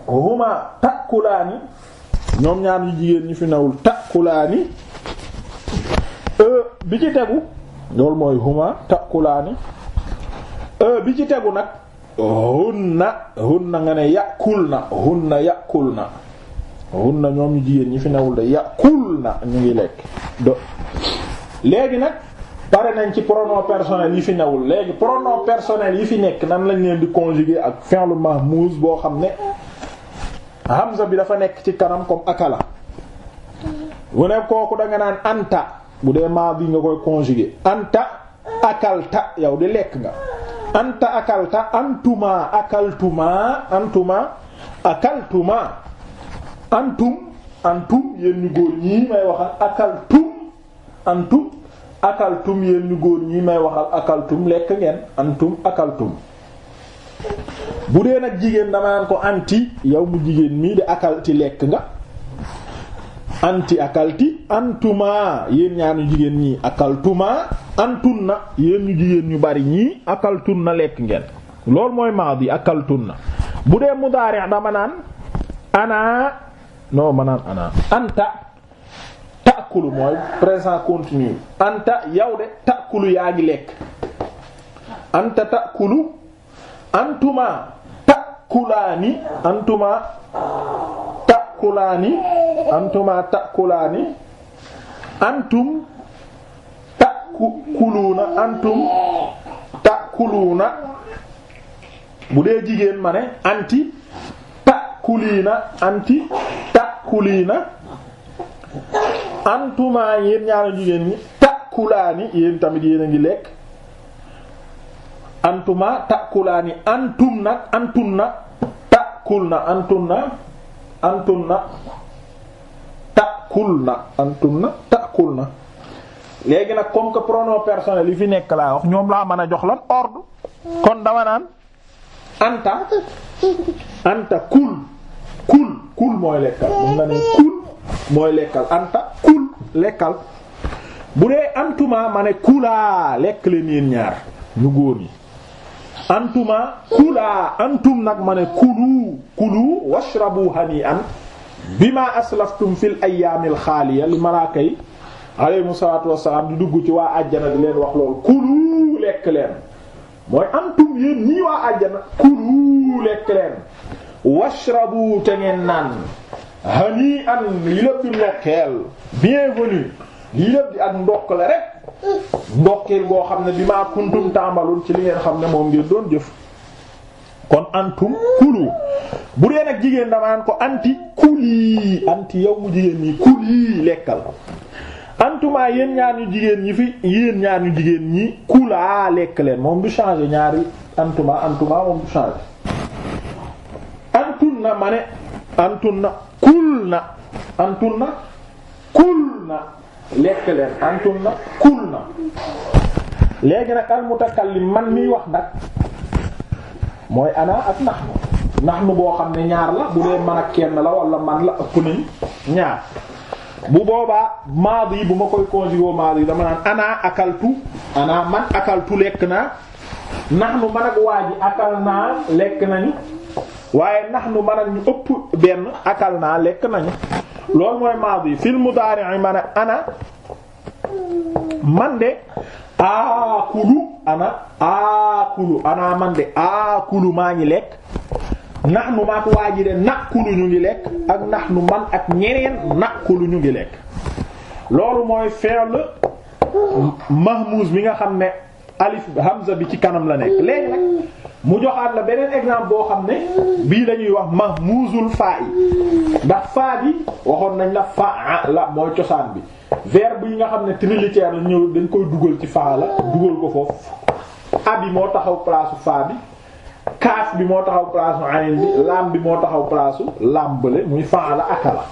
huma ta'kulaani ñoom ñaar jigéen ñi fi nawul ta'kulaani e, bi ci tegu loolu mooy huma ta'kulaani e, bi ci tegu nag hunna hunna nga ne yàkkul na hunna yàkkul na hunna ñoom ñu jigéen ñi fi newul de yàkkul na ñu ngi lekk do léegi nag pare nañ ci pronom personnel yi fi newul léegi pronom personnel yi fi nekk nan lañ leen di conjuguer ak fi'lu mahmuz boo xam ne hamza bi dafa nekk ci kanam comme akala bu ne kooku danga naan anta bu dee bi nga koy conjuguer anta akalta yow di lekk nga anta akalta antuma akaltuma antuma akaltuma antum antum yéen ñu góor ñii may waxal akaltum antum akaltum yéen ñu góor ñii may waxal akaltum lekk ngeen antum akaltum bu dee nag jigéen dama naan ko anti yow mu jigéen mii di akalti lekk nga anti akalti antuma yéen ñaanu jigéen ñi akaltuma antunna yéen ñu jigéen ñu bari ñii akaltunna lekk ngeen loolu mooy maadi akaltunna bu dee mudaari' dama naan ana noo ma naan ana anta taakulu mooy présent continu anta yow de taakulu yaa ngi lekk anta taakulu antuma taakulaani antuma takulaani antuma takulaani antum takuluuna bu dee jigéen ma ne anti takuliina anti takuliina antuma yéen ñaari jigéen ñi takulaani yéen tamit yéen a ngi lekk antuma takulaani antum nag antun na takul na antun na na ta antunna na léegi nag comme que pronom personnel yi fi nekk laa wax ñoom laa mën a jox lan ordre kon dama naan anta anta kul kul kul mooy lekkal moom nga ne kul mooy lekkal anta kul lekkal bu dee antuma ma ne kulaa lekk leen yeen ñaar ñu góor ñi antuma kulaa antum nag ma ne kulu kulu washrabu hani'an bima aslaftum fil ayyaamil xaaliya li malaaka yi alayhimu salaatu wassalaam di dugg ci waa àjjana di leen wax loolu kulu lekk leen mooy antum yéen ñii waa àjjana kulu lekk leen washrabu te ngeen naan hani'an lii lépp di ndokkeel bienvenue lii lépp di ak ndokk la rek ndokkeel boo xam ne bi maa kuntum tàmbalul ci li ngeen xam ne moom ngeen doon jëf kon antum kulu bu dee nag jigéen dama naan ko anti kuli anti yow mu jigéen ñi kuli lekkal antuma yéen ñaar ñu jigéen ñi fi yéen ñaar ñu jigéen ñi kulaa lekk leen moom du changer ñaari antuma antuma moom du changer antun kul na antun kul na lekk leen antum na kul na léegi nag al mutakallim man miy wax nag mooy ana ak nahnu nahnu boo xam ne ñaar la bu dee man ak kenn la walla man la ëpp nañ ñaar bu boobaa maadi bu ma koy conjuguer maadi dama naan ana akaltu ana man akaltu lekk naa nahnu man ak waa ji akal naa lekk nañu waaye nahnu man ak ñu ëpp benn akal naa lekk nañu loolu mooy maadi fil mudaari ma ne ana man de aakulu ana aakulu ana man de aakulu maa ngi lekk nahnu maak waa ji de nakulu ñu ngi lekk ak nahnu man ak ñeneen nakulu ñu ngi lekk loolu mooy fi'l mahmuz mi nga xam ne alif hamza bi ci kanam la nekk léegi mu joxaat la beneen exemple boo xam ne bii la ñuy wax mahmuzul faa yi ndax faa bi waxoon nañ la faa la mooy cosaan bi verbe yi nga xam ne trilitère la ñëw dañ koy dugal ci faa la dugal ko foofu abi moo taxaw place faa bi kaaf bi moo taxaw place ayn bi bi moo taxaw place laam bële muy faa la akala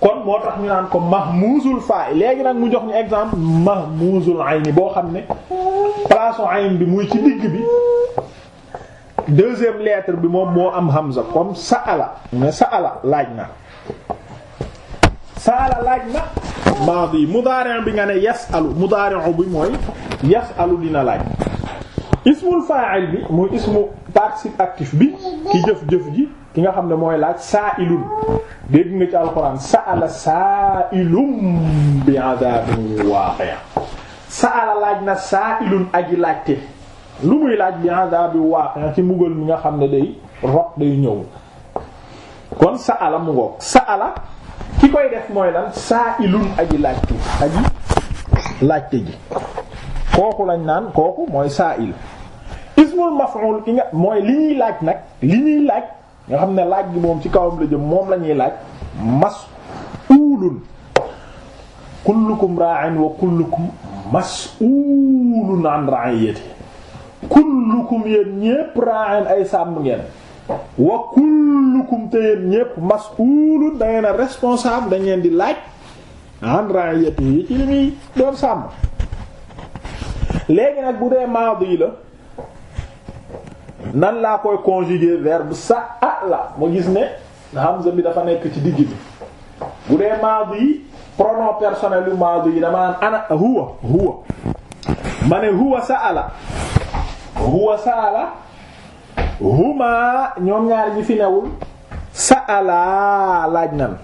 kon moo tax ñu naan ko mahmuzul fa'i léegi nag mu jox ñu exemple mahmuzul ayni boo xam ne place bi muy ci digg bi deuxième lettre bi moom moo am hamza comme sa'ala mais sa'ala laaj na sa sa'ala laaj na mu mudaari' bi nga ne yas'alu mudaari' bi mooy yas'alu dina laaj ismul fa'il bi muy ismu participe actif bi ki jëf jëf ji ki nga xam ne mooy laaj saa ilun dégg nga ci alxuraan saa ilum bi azabin waaqi' saala laaj na saa ilun aji laajte lu muy laaj bi azabin waaqi' ci mbugal mi nga xam ne day rot day ñëw kon saala mu ngoog saala ki koy def mooy lan saa ilun aji laajte aji laajte ji kooku lañ naan kooku mooy saa il ismul maf'ul ki nga mooy li ñuy laaj nag li ñuy laaj nga xam ne laaj gi moom ci kawam la jëm moom la ñuy laaj mas'ulun kullukum ra'in wa kullukum mas'ulun an ra'iyati kullukum yéen ñépp ra'in ay sàmm ngeen wa kullukum te yéen ñépp mas'ulun da ngeen a responsable dañ leen di laaj an ra'iyati yi ci li muy doon sàmm léegi nag bu dee maadi la nan laa koy conjuguer verbe sa a la ma gis ne hamza bi dafa nekk ci digg bi bu dee maadi yi pronom personnel yu maadi yi dama naan ana huwa huwa ma ne huwa sa a huwa sa a huma ñoom ñaar ñi fi newul sa a laa laaj nan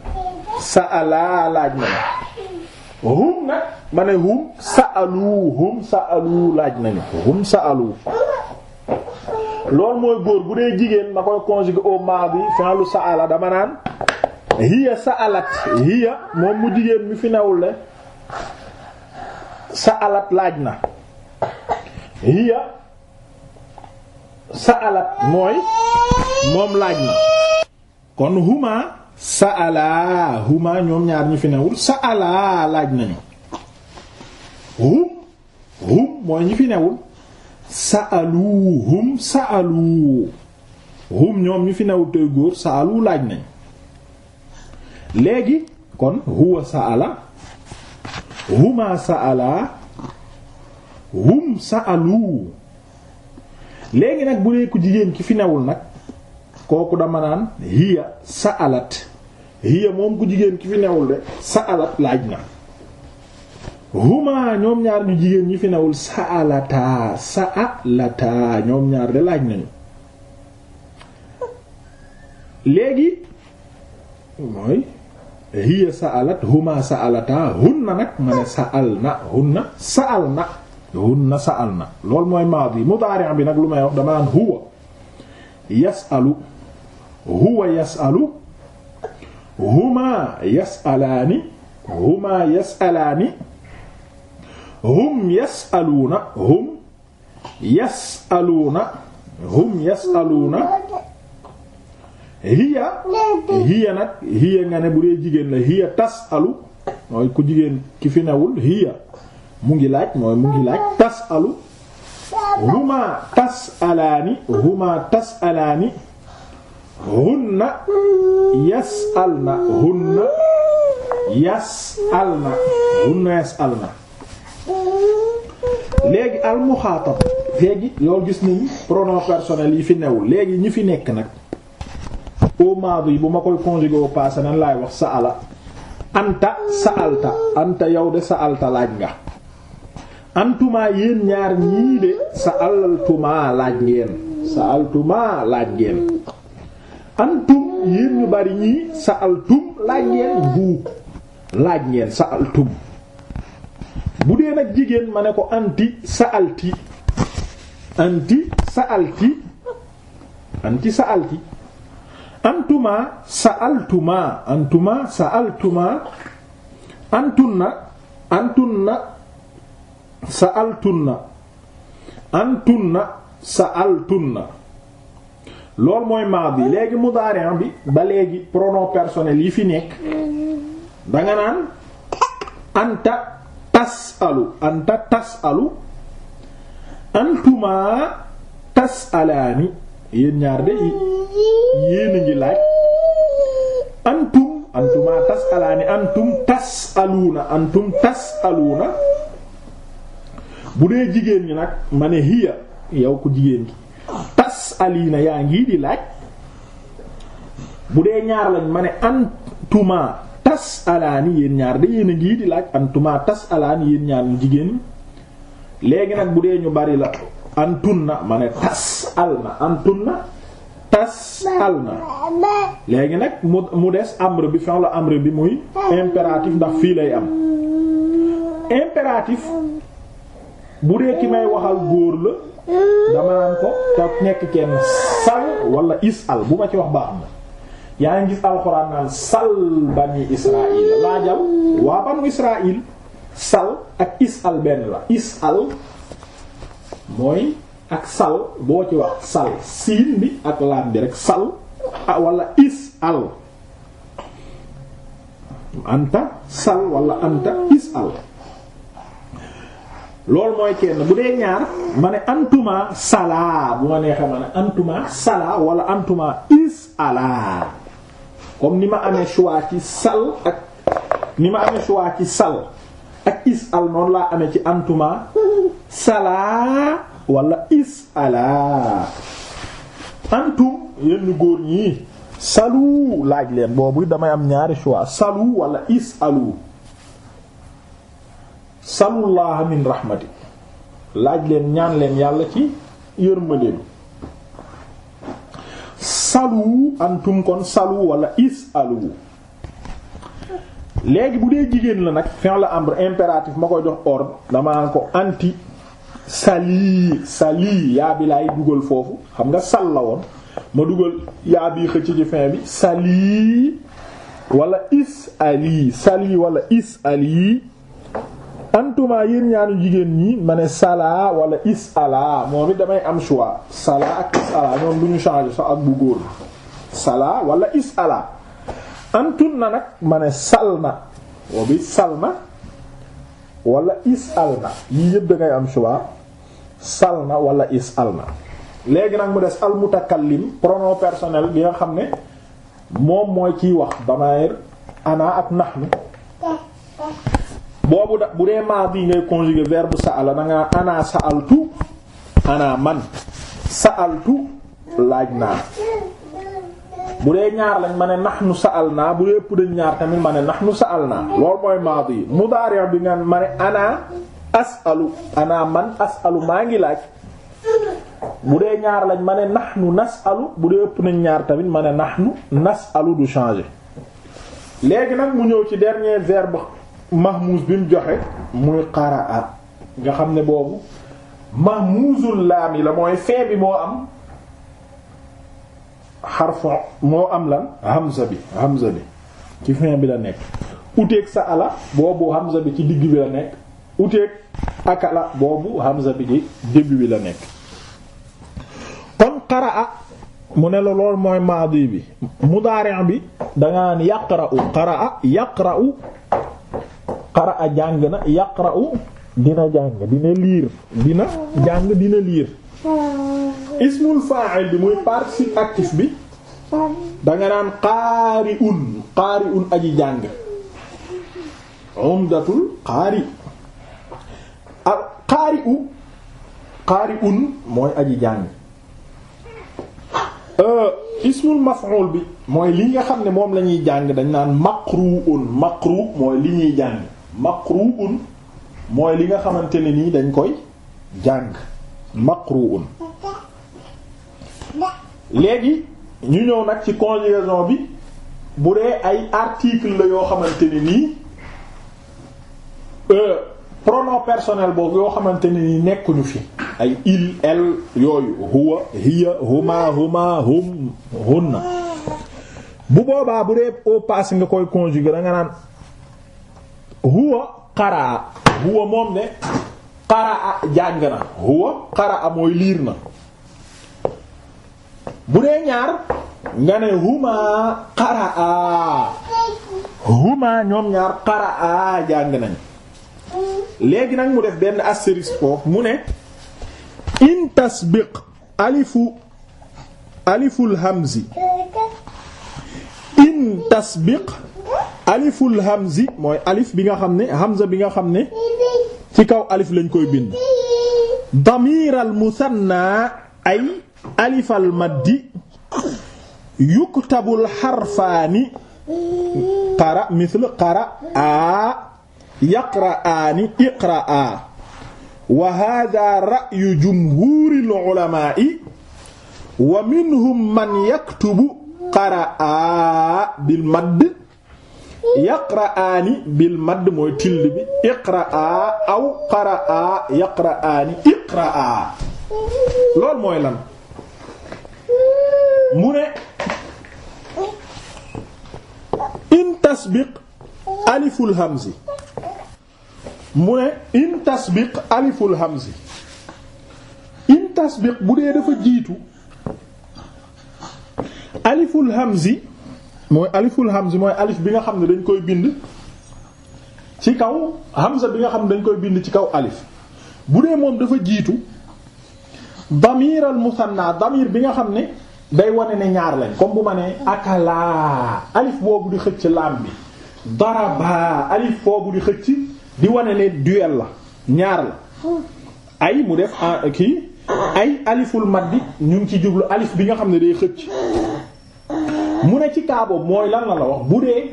sa a laaj nan hum nag ma ne hum sa alu hum sa alu laaj nañu hum sa alu loolu mooy góor bu dee jigéen ma koy conjuguer au madi fi'lu sa'ala dama naan hiya sa'alat hiya moom mu jigéen mi fi newul le sa'alat laaj na hiya sa'alat moom laaj kon huma ñu fi newul sa'ala laaj nañu hum hum mooy ñi fi newul sa sa'alu hum ñoom ñu fi newutee góor sa'alu laaj nañ léegi kon huwa sa'ala huma sa'ala hum sa'alu léegi nag bu dee ku jigéen ki fi newul nag kooku dama naan sa sa'alat hiya moom ku jigéen ki fi newul de sa'alat laaj na huma ñoom ñaar ñu jigéen ñi fi newul sa'alata sa'alata ñoom ñaar de laaj nañu léegi mooy hiya sa'alat huma sa'alata hunna nag ma ne sa'alna hunna sa'alna hunna sa'alna loolu mooy maadi mudaari' bi nag lu may wax dama naan huwa yas'alu huwa yas'alu huma yas'alaani huma yas'alaani hum yasaluuna hum yasaluuna hum yasaluuna hiya nag hiya nga ne bu dee jigéen la hiya tasalu mooy ku jigéen ki fi newul hiya mu ngi laaj mooy mu ngi laaj tasalu huma tasalaani huma tasalaani hunna yasalna hunna yasalna hunna yasalna léegi al muxaatab léegi loolu gis nañu pronom personnel yi fi new léegi ñi fi nekk nag au maadu yi bu ma koy conjuguer au passé laay wax sa ala anta sa alta anta yow de sa alta laaj nga antumaa yéen ñaar ñii de sa altumaa laaj ngeen sa altumaa laaj ngeen antum yéen ñu bari ñii sa altum laaj ngeen bu laaj ngeen sa altum bu dee nag jigéen ma ne ko anti sa'alti anti sa'alti anti sa antuma sa'altuma antuma sa'altuma antunna antunna sa'altunna antunna sa'altunna loolu mooy maa bi léegi mudaari bi ba léegi pronom personnel yi fi nekk danga naan anta tasalu anta tasalu antuma tasalaani yéen ñaar de yéen ngi laaj antum antuma tasalaani antum tasaluuna antum tasaluuna bu dee jigéen ñi nag ma ne hiya yow ko jigéen gi tasaliina yaa ngi di laaj bu dee ñaar lañ ma ne antuma tas alaani yéen ñaar da yéen a ngi di laaj antuma tas alaani yéen ñaar ñu jigéen léegi nag bu dee ñu bari la antunna ma ne tas al na antunna tas al na léegi nag mu des amr bi fi'l amr bi muy impératif ndax fii lay am impératif bu dee ki may waxal góor la dama naan ko te nekk kenn sal wala is al bu ma ci wax baax na yaa ngi gis alxuraan naan sal bani israil laajal waa banu israil sal ak isal benn la isal mooy ak sal boo ci wax sal siin bi ak laan bi rek sal wala isal anta sal wala anta isal loolu mooy kenn bu dee ñaar ma ne antuma salaa bu ma neexee ma ne antuma salaa wala antuma is comme ni ma amee choix ci sal ak ni ma amee choix ci sal ak is al noonu laa amee ci antuma salaa walla is alaa antum yenn góor ñi salu laaj leen boobu damay am ñaari choix salu wala is alu salullaha min rahmati laaj leen ñaan leen yàlla ci leen salu antum kon salu wala is alu léegi bu dee jigéen la nag fin la ambre impératif ma ko jox ordre damaa ko anti sali sali yaa bi dugal foofu xam nga sal la woon ma dugal yaa xëcc ci fin bi sali wala is ali sali wala is ali antuma yéen ñaanu jigéen ñi ma ne sala wala is ala moom it damay am choix sala ak is ala ñoom du ñu changer sax ak bu góor sala wala is ala antun na nag ma ne sal na wa wala is al na yii yëpp da am choix sal na wala is léegi nag mu des al mutakallim pronom personnel bi nga xam ne moom mooy ciy wax damay ana ak nahnu boobu da bu dee maadi ngay conjuguer sa sa'ala da nga sa sa'altu ana man sa'altu laaj naa bu dee ñaar lañ ma ne nahnu sa'alna bu dee ëpp dañ ñaar tamit ma ne nahnu sa'alna loolu mooy maadi mudaari' bi nga ma ne ana man as'alu maa ngi laaj bu dee ñaar lañ ma ne nahnu nas'alu bu dee ëpp ñaar tamit ma ne nahnu nas'alu du changer léegi nag mu ñëw ci dernier verbe mahmuz bi mu joxe muy qaraa nga xam ne boobu mahmuzul laam yi la mooy fee bi moo am xarfu moo am la hamza bi hamza bi ci fin bi la nekk uteeg sa ala boobu hamza bi ci digg bi la nekk uteeg akala boobu hamza bi ci début bi la nekk kon qaraa mu ne la lool mooy maadi bi mudaari' bi dangaa yaqra'u qaraa yaqra'u qara'a jàng na yaqra'u dina jàng dina liir dina jàng dina liir ismul fa'il bi muy participe actif bi danga naan qaari'un qaari'un aji jàng umdatul qaari al qaari'u qaari'un mooy aji jàng euh, ismul maf'ul bi mooy li nga xam ne moom lañuy jàng dañ naan maqru'un maqru mooy li ñuy jàng maqruun mooy li nga xamante ne nii dañ koy jàng maqruun léegi ñu ñëw nag ci conjugaison bi bu dee ay article la yoo xamante ne nii euh, pronom personnel boobu yoo xamante ne nii nekkuñu fi ay il elle yooyu huwa hiya huma huma hum hunna bu boobaa bu dee au passé nga koy conjuguer da nga naan huwa qaraa huwa moom ne qaraa jàng na huwa qaraa mooy liir na bu dee ñaar nga ne huma qaraa huma ñoom ñaar qaraa jàng nañ léegi nag mu def benn astérisque foofu mu ne in tasbiq alifu aliful hamzi in tasbiq aliful hamzi mooy alif bi nga xam ne hamza bi nga xam ne ci kaw alif lañ koy bind damiral musanna ay alifal maddi yuktabul xarfaani qara misl qara aa yaqra'aani iqra'a wa hada ra'yu jumhuril ulama'i wa minhum man yaktubu qara'a bil madd yaqra'aani bil madd mooy tilde bi iqra'a aw qara'a yaqra'aani iqra'a loolu mooy lan mu ne in tasbiq aliful hamzi mu ne in tasbiq aliful hamzi in tasbiq bu dee dafa jiitu aliful hamzi mooy aliful hamza mooy alif bi nga xam ne dañ koy bind ci kaw hamza bi nga xam ne dañ koy bind ci kaw alif bu dee moom dafa jiitu damiral musanna damir bi nga xam ne day wane ne ñaar lañ comme bu ma nee akalaa alif boobu di xëcc laam bi daraba alif boobu di xëcc di wane ne duel la ñaar la ay mu def ah, kii ay aliful maddi ñu ngi ci jublu alif bi nga xam ne day xëcc mu ne ci kaaboobu mooy lan la la wax bu dee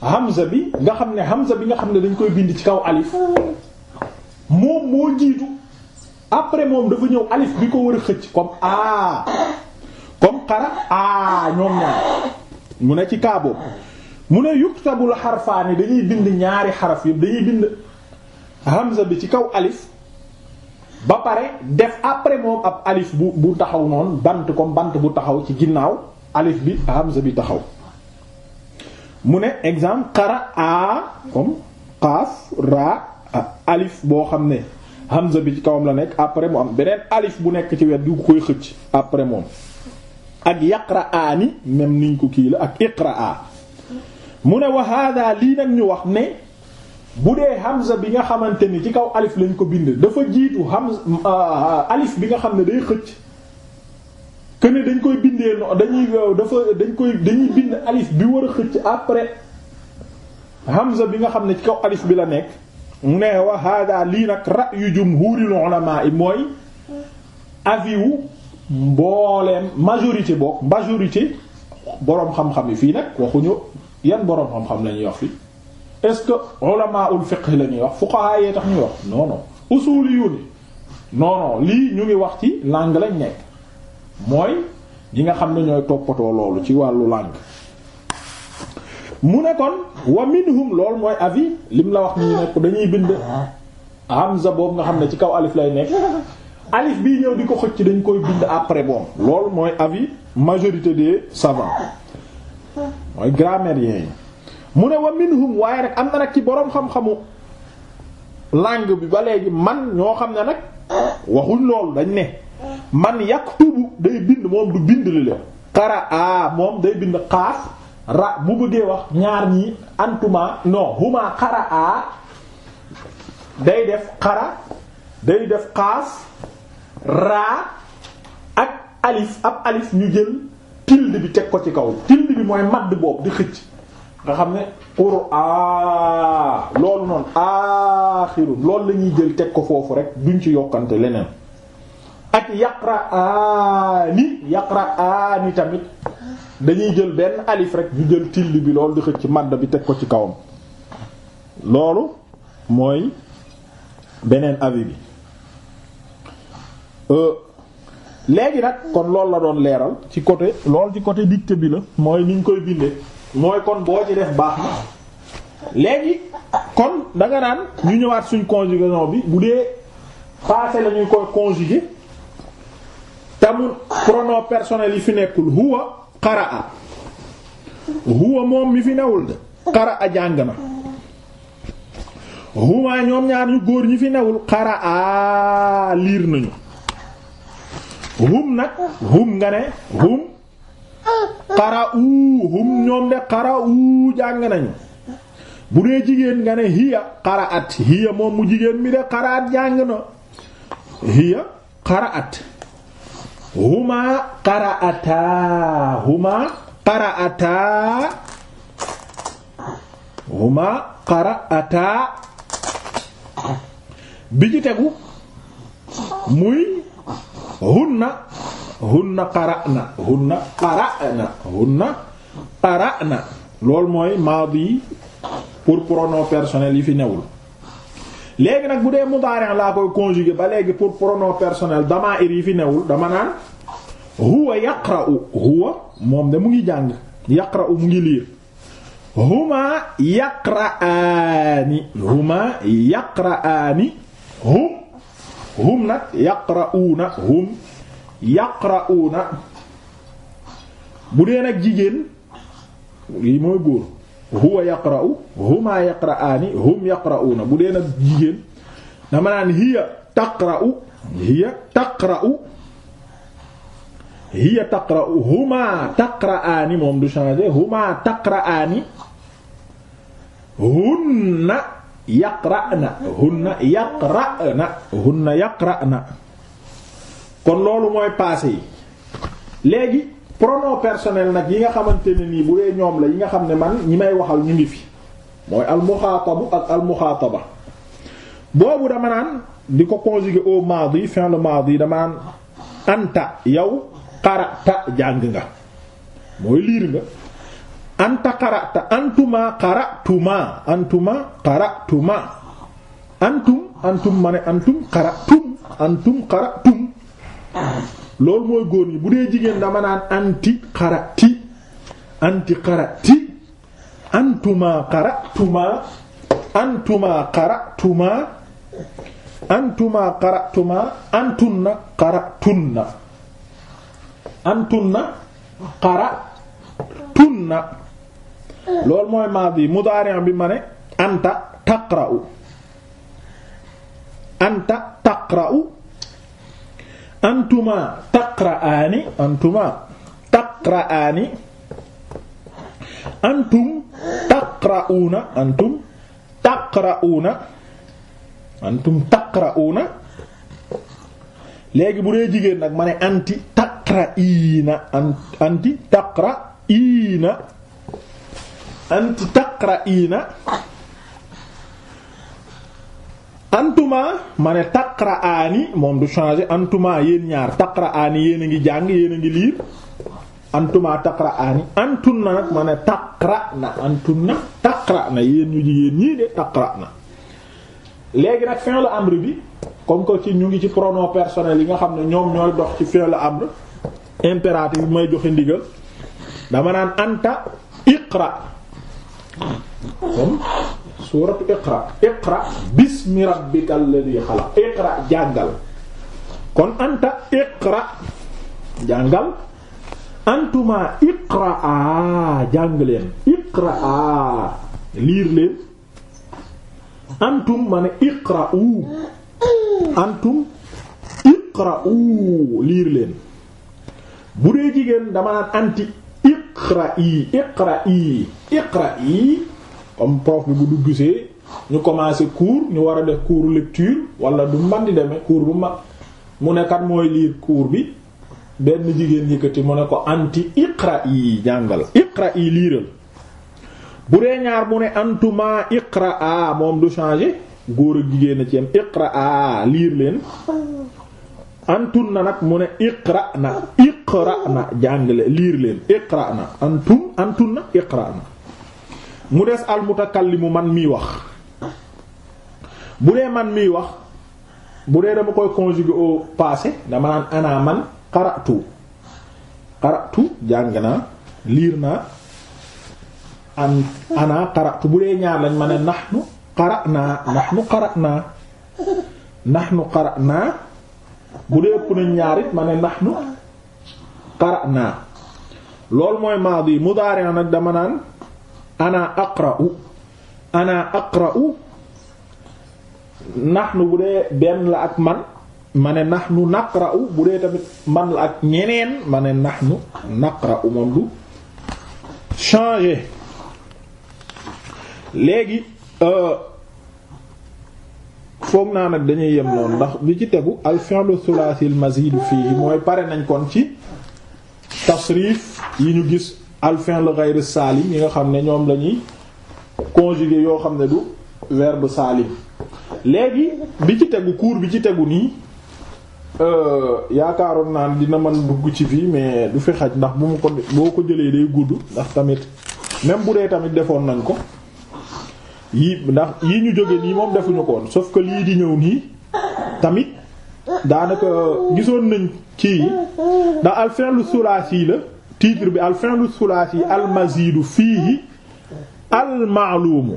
hamza bi nga xam ne hamza bi nga xam ne dañ koy bind ci kaw alif moom moo jiitu après moom dafa ñëw alif bi ko war a xëcc comme a comme xara a ñoom ñaar mu ne ci kaaboobu mu ne yuktabul yi dañuy bind ñaari xaraf yëpp dañuy bind hamza bi ci kaw alif ba pare def après moom ab alif bu bu taxaw noonu bant comme bant bu taxaw ci ginnaaw alif bi hamza bi taxaw mu ne exemple qara a comme qaaf ra alif boo xam ne hamza bi ci kawam la nekk après mu am beneen alif bu nekk ci wet yu koy xëcc après moom ak yaqra aani même niñ ko kii la ak iqra a mu ne wa lii nag ñu wax ne bu dee Hamza bi nga xamante ni ci kaw alif lañ ko bind dafa jiitu Hamza euh, alif bi nga xam ne day xëcc que ne dañ koy bindee no dañuy euh, dafa dañ koy dañuy bind alif bi war a xëcc après Hamza bi nga xam ne ci kaw alif bi la nekk mu ne wa hada lii nag ra'yu jumhuril ulama yi mooy avis wu mbooleem majorité book majorité boroom xam-xam yi fii nag ñëw yan boroom xam-xam lañuy wax fii est-ce que ulamaul fiqh la ñuy wax fuqaha yee tax ñuy wax non non usuliyun non non lii ñu ngi wax ci langue lañ nekk mooy ñi nga xam ne ñooy toppatoo loolu ci wàllu langue. mu nekkoon kon wa minhum lool mooy avis lim la wax ni ñu nekk dañuy bind hamza boobu nga xam ne ci kaw alif lay nekk alif bii ñëw di ko xëcc dañ koy bind après bon lool mooy avis majorité des savants mooy grammairiens yi mu ne wa minhum waaye nag am na nag ci boroom xam-xamu langue bi ba léegi man ñoo xam ne nag waxuñ loolu dañ ne man yaktubu day bind moom du bind li leen qaraa moom day bind xaaf wax ñaar ñi antuma non huma qaraa def qara day def xaaf raa ak alif ab alif ñu jël tilde bi teg ko ci kaw tilde bi mooy madd boobu di xëcc nga xam ne qur'aa loolu noonu aaxiru loolu la ñuy jël teg ko foofu rek duñ ci yokkante leneen ak yaqra'aani yaqra'aani tamit dañuy jël benn alif rek ñu jël till bi lool di ci màdd bi teg ko ci kawam loolu mooy beneen avis bi euh, léegi nag kon loolu la doon leeral ci côté lool ci côté dictée bi la mooy niñ koy bindee mooy kon boo ci def baax na léegi kon danga naan ñu ñëwaat suñ conjugaison bi bu dee passé lañu ñuy koy conjuguer tam pronom personnel yi fi nekkul huwa qaraa huwa moom mi fi newul de a jàng na huwa ñoom ñaar ñu góor ñi fi newul qaraa liir nañu hum nag hum nga ne hum qara'uuhum ñoom de qara'u jàng nañu bu dee jigéen nga ne hiya qara'at hiya moom mu jigéen mi de qara'at jàng na hiya qara'at huma qara'ataa huma qara'ataa huma qara'ataa bi ci tegu muy hunna hunna qara'na hunna qara'na hunna na loolu mooy maadi yi pour pronom personnel yi fi newul léegi nag bu dee mudaari' laa koy conjuguer ba léegi pour pronom personnel damaa'ir yi fi newul dama naan huwa yaqra'u huwa moom de mu ngi jàng yaqra'u mu ngi liir huma yaqra'aani huma hum hum nag yaqra'uuna hum yaqra'una bu dee nag jigéen lii mooy góor huwa yaqra'u huma yaqra'aani hum yaqra'una bu dee nag jigéen dama naan hiya taqra'u hiya taqra'u hiya taqra'u huma taqra'aani moom du changer huma taqra'aani hunna yaqra'na hunna yaqra'na hunna yaqra'na kon loolu mooy passé yi léegi pronom personnel nag yi nga xamante ne nii bu dee ñoom la yi nga xam ne man ñi may waxal ñu ngi fi mooy almuxaatabu ak almuxaataba boobu dama naan di ko conjuguer au madi fin le madi dama naan anta yow qara'ta jàng nga mooy liir nga anta qara'ta antuma qara'tuma antuma qara'tuma antum antum ma ne antum qara'tum antum qara'tum loolu mooy góor ñi bu dee jigéen dama naan anti qara'ti anti qara'ti antuma qara'tuma antuma qara'tuma antuma qara'tuma antunna qara'tunna antunna qara'tunna loolu mooy maadi mudaari' bi ma ne anta taqra'u anta taqra'u antuma taqra'aani antuma taqra'aani antum taqra'uuna antum taqra'uuna antum taqra'uuna léegi bu dee jigéen nag ma ne anti taqra'iina anti taqra'iina anti taqra'iina antuma ma ne taqra aani moom du changer antuma yéen ñaar taqra aani yéen a ngi jàng yéen a ngi liir antuma taqra aani antun na nag ma ne taqra na antun na na yéen ñu jigéen ñii de taqra na léegi nag fi'l amr bi comme que ci ñu ngi ci pronom personnel yi nga xam ne ñoom ñooy dox ci fi'l amr impératif bi may joxe ndigal dama naan anta iqra comme suuratu iqra iqra bismi rabbikal ladhi xalaq iqra jàngal kon anta iqra jàngal antuma iqraa jàng leen iqraa liir leen antum ma ne iqra'u antum iqra'u liir leen bu dee jigéen dama naan anti iqra'i iqra'i iqra'i comme prof bi bu duggsee ñu commencé cours ñu war a def cours lecture wala du man di demee cours bu mag mu ne kat mooy lire cours bi benn jigéen yëkkati mu ne ko anti iqra yi jàngal iqra yi liiral bu dee ñaar mu ne antuma iqra a moom du changer góor a jigéen a ci am iqra a liir leen antun na nag mu na iqra jàngale liir leen iqra na antum antun na iqra na mu des almutakallimu man miy wax bu dee man miy wax bu dee dama koy conjuguer au passé dama naan ana man qara'tu qara'tu jàng naa liir naa an ana qara'tu bu dee ñaar lañ ma ne nahnu qara'na nahnu qara'na nahnu qara'na bu dee ëpp nañ ñaar it ma ne nahnu qara'na loolu mooy maadi mudaari nag dama naan ana aqra'u ana aqra'u nahnu bu dee benn la ak man ma ne nahnu naqra'u bu dee tamit man la ak ñeneen ma ne nahnu naqra'u moom du changer léegi euh, foog naa nag dañuy yem noonu ndax bi ci tegu al fi'lu thulathi al mazid fihi mooy pare nañ kon ci tasrif yi ñu gis al fi'l ghayr saalim yi nga xam ne ñoom lañuy ñuy yoo xam ne du verbe saalim léegi bi ci tegu cours bi ci tegu nii euh, yaakaaroon naa dina mën bugg ci fii mais du fi xaj ndax bu mu ko boo ko jëlee day gudd ndax tamit même bu dee tamit defoon nañ ko yi ndax yi ñu jóge nii moom defuñu ko woon sauf que lii di ñëw nii tamit daanaka gisoon nañ ci yi ndax al fi'l sulaasi la titre bi al fi'lu thulathi al fii yi al ma'lumu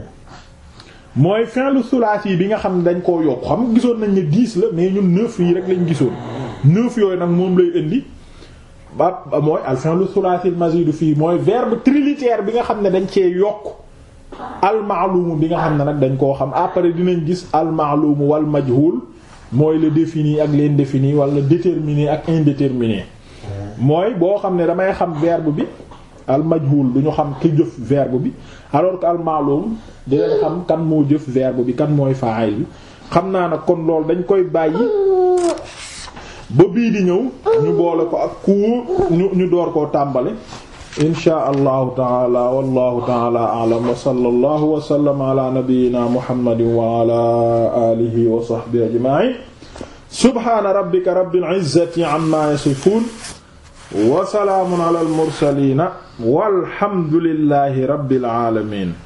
mooy fi'lu thulathi bi nga xam ne dañ koo yokk xam gisoon nañ ne dix la mais ñun neuf yi rek lañ gisoon neuf yooyu nag moom lay indi ba mooy al fi'lu thulathi al mazidu fiihi mooy verbe trilitère bi nga xam ne dañ cee yokk al ma'lumu bi nga xam ne nag dañ koo xam après dinañ gis al ma'lumu wal majhul mooy le défini ak leen l'indéfini wala déterminé ak indéterminé mooy boo xam ne damay xam verbe bi al majhul du ñu xam ki jëf verbe bi alors que al maalum dinañ xam kan moo jëf verbe bi kan mooy faay bi xam naa nag kon lool dañ koy bàyyi ba bii di ñëw ñu boole ko ak ku ñu ñu door koo tàmbale insha allahu taala wallahu taala alam wa sallallahu wa sallam ala nabiyyina muhammadin wa ala alihi wa sahbihi ajma'in subhana rabbika wa salaamun ala al mursaliina walhamdulillahi rabbil aalamiin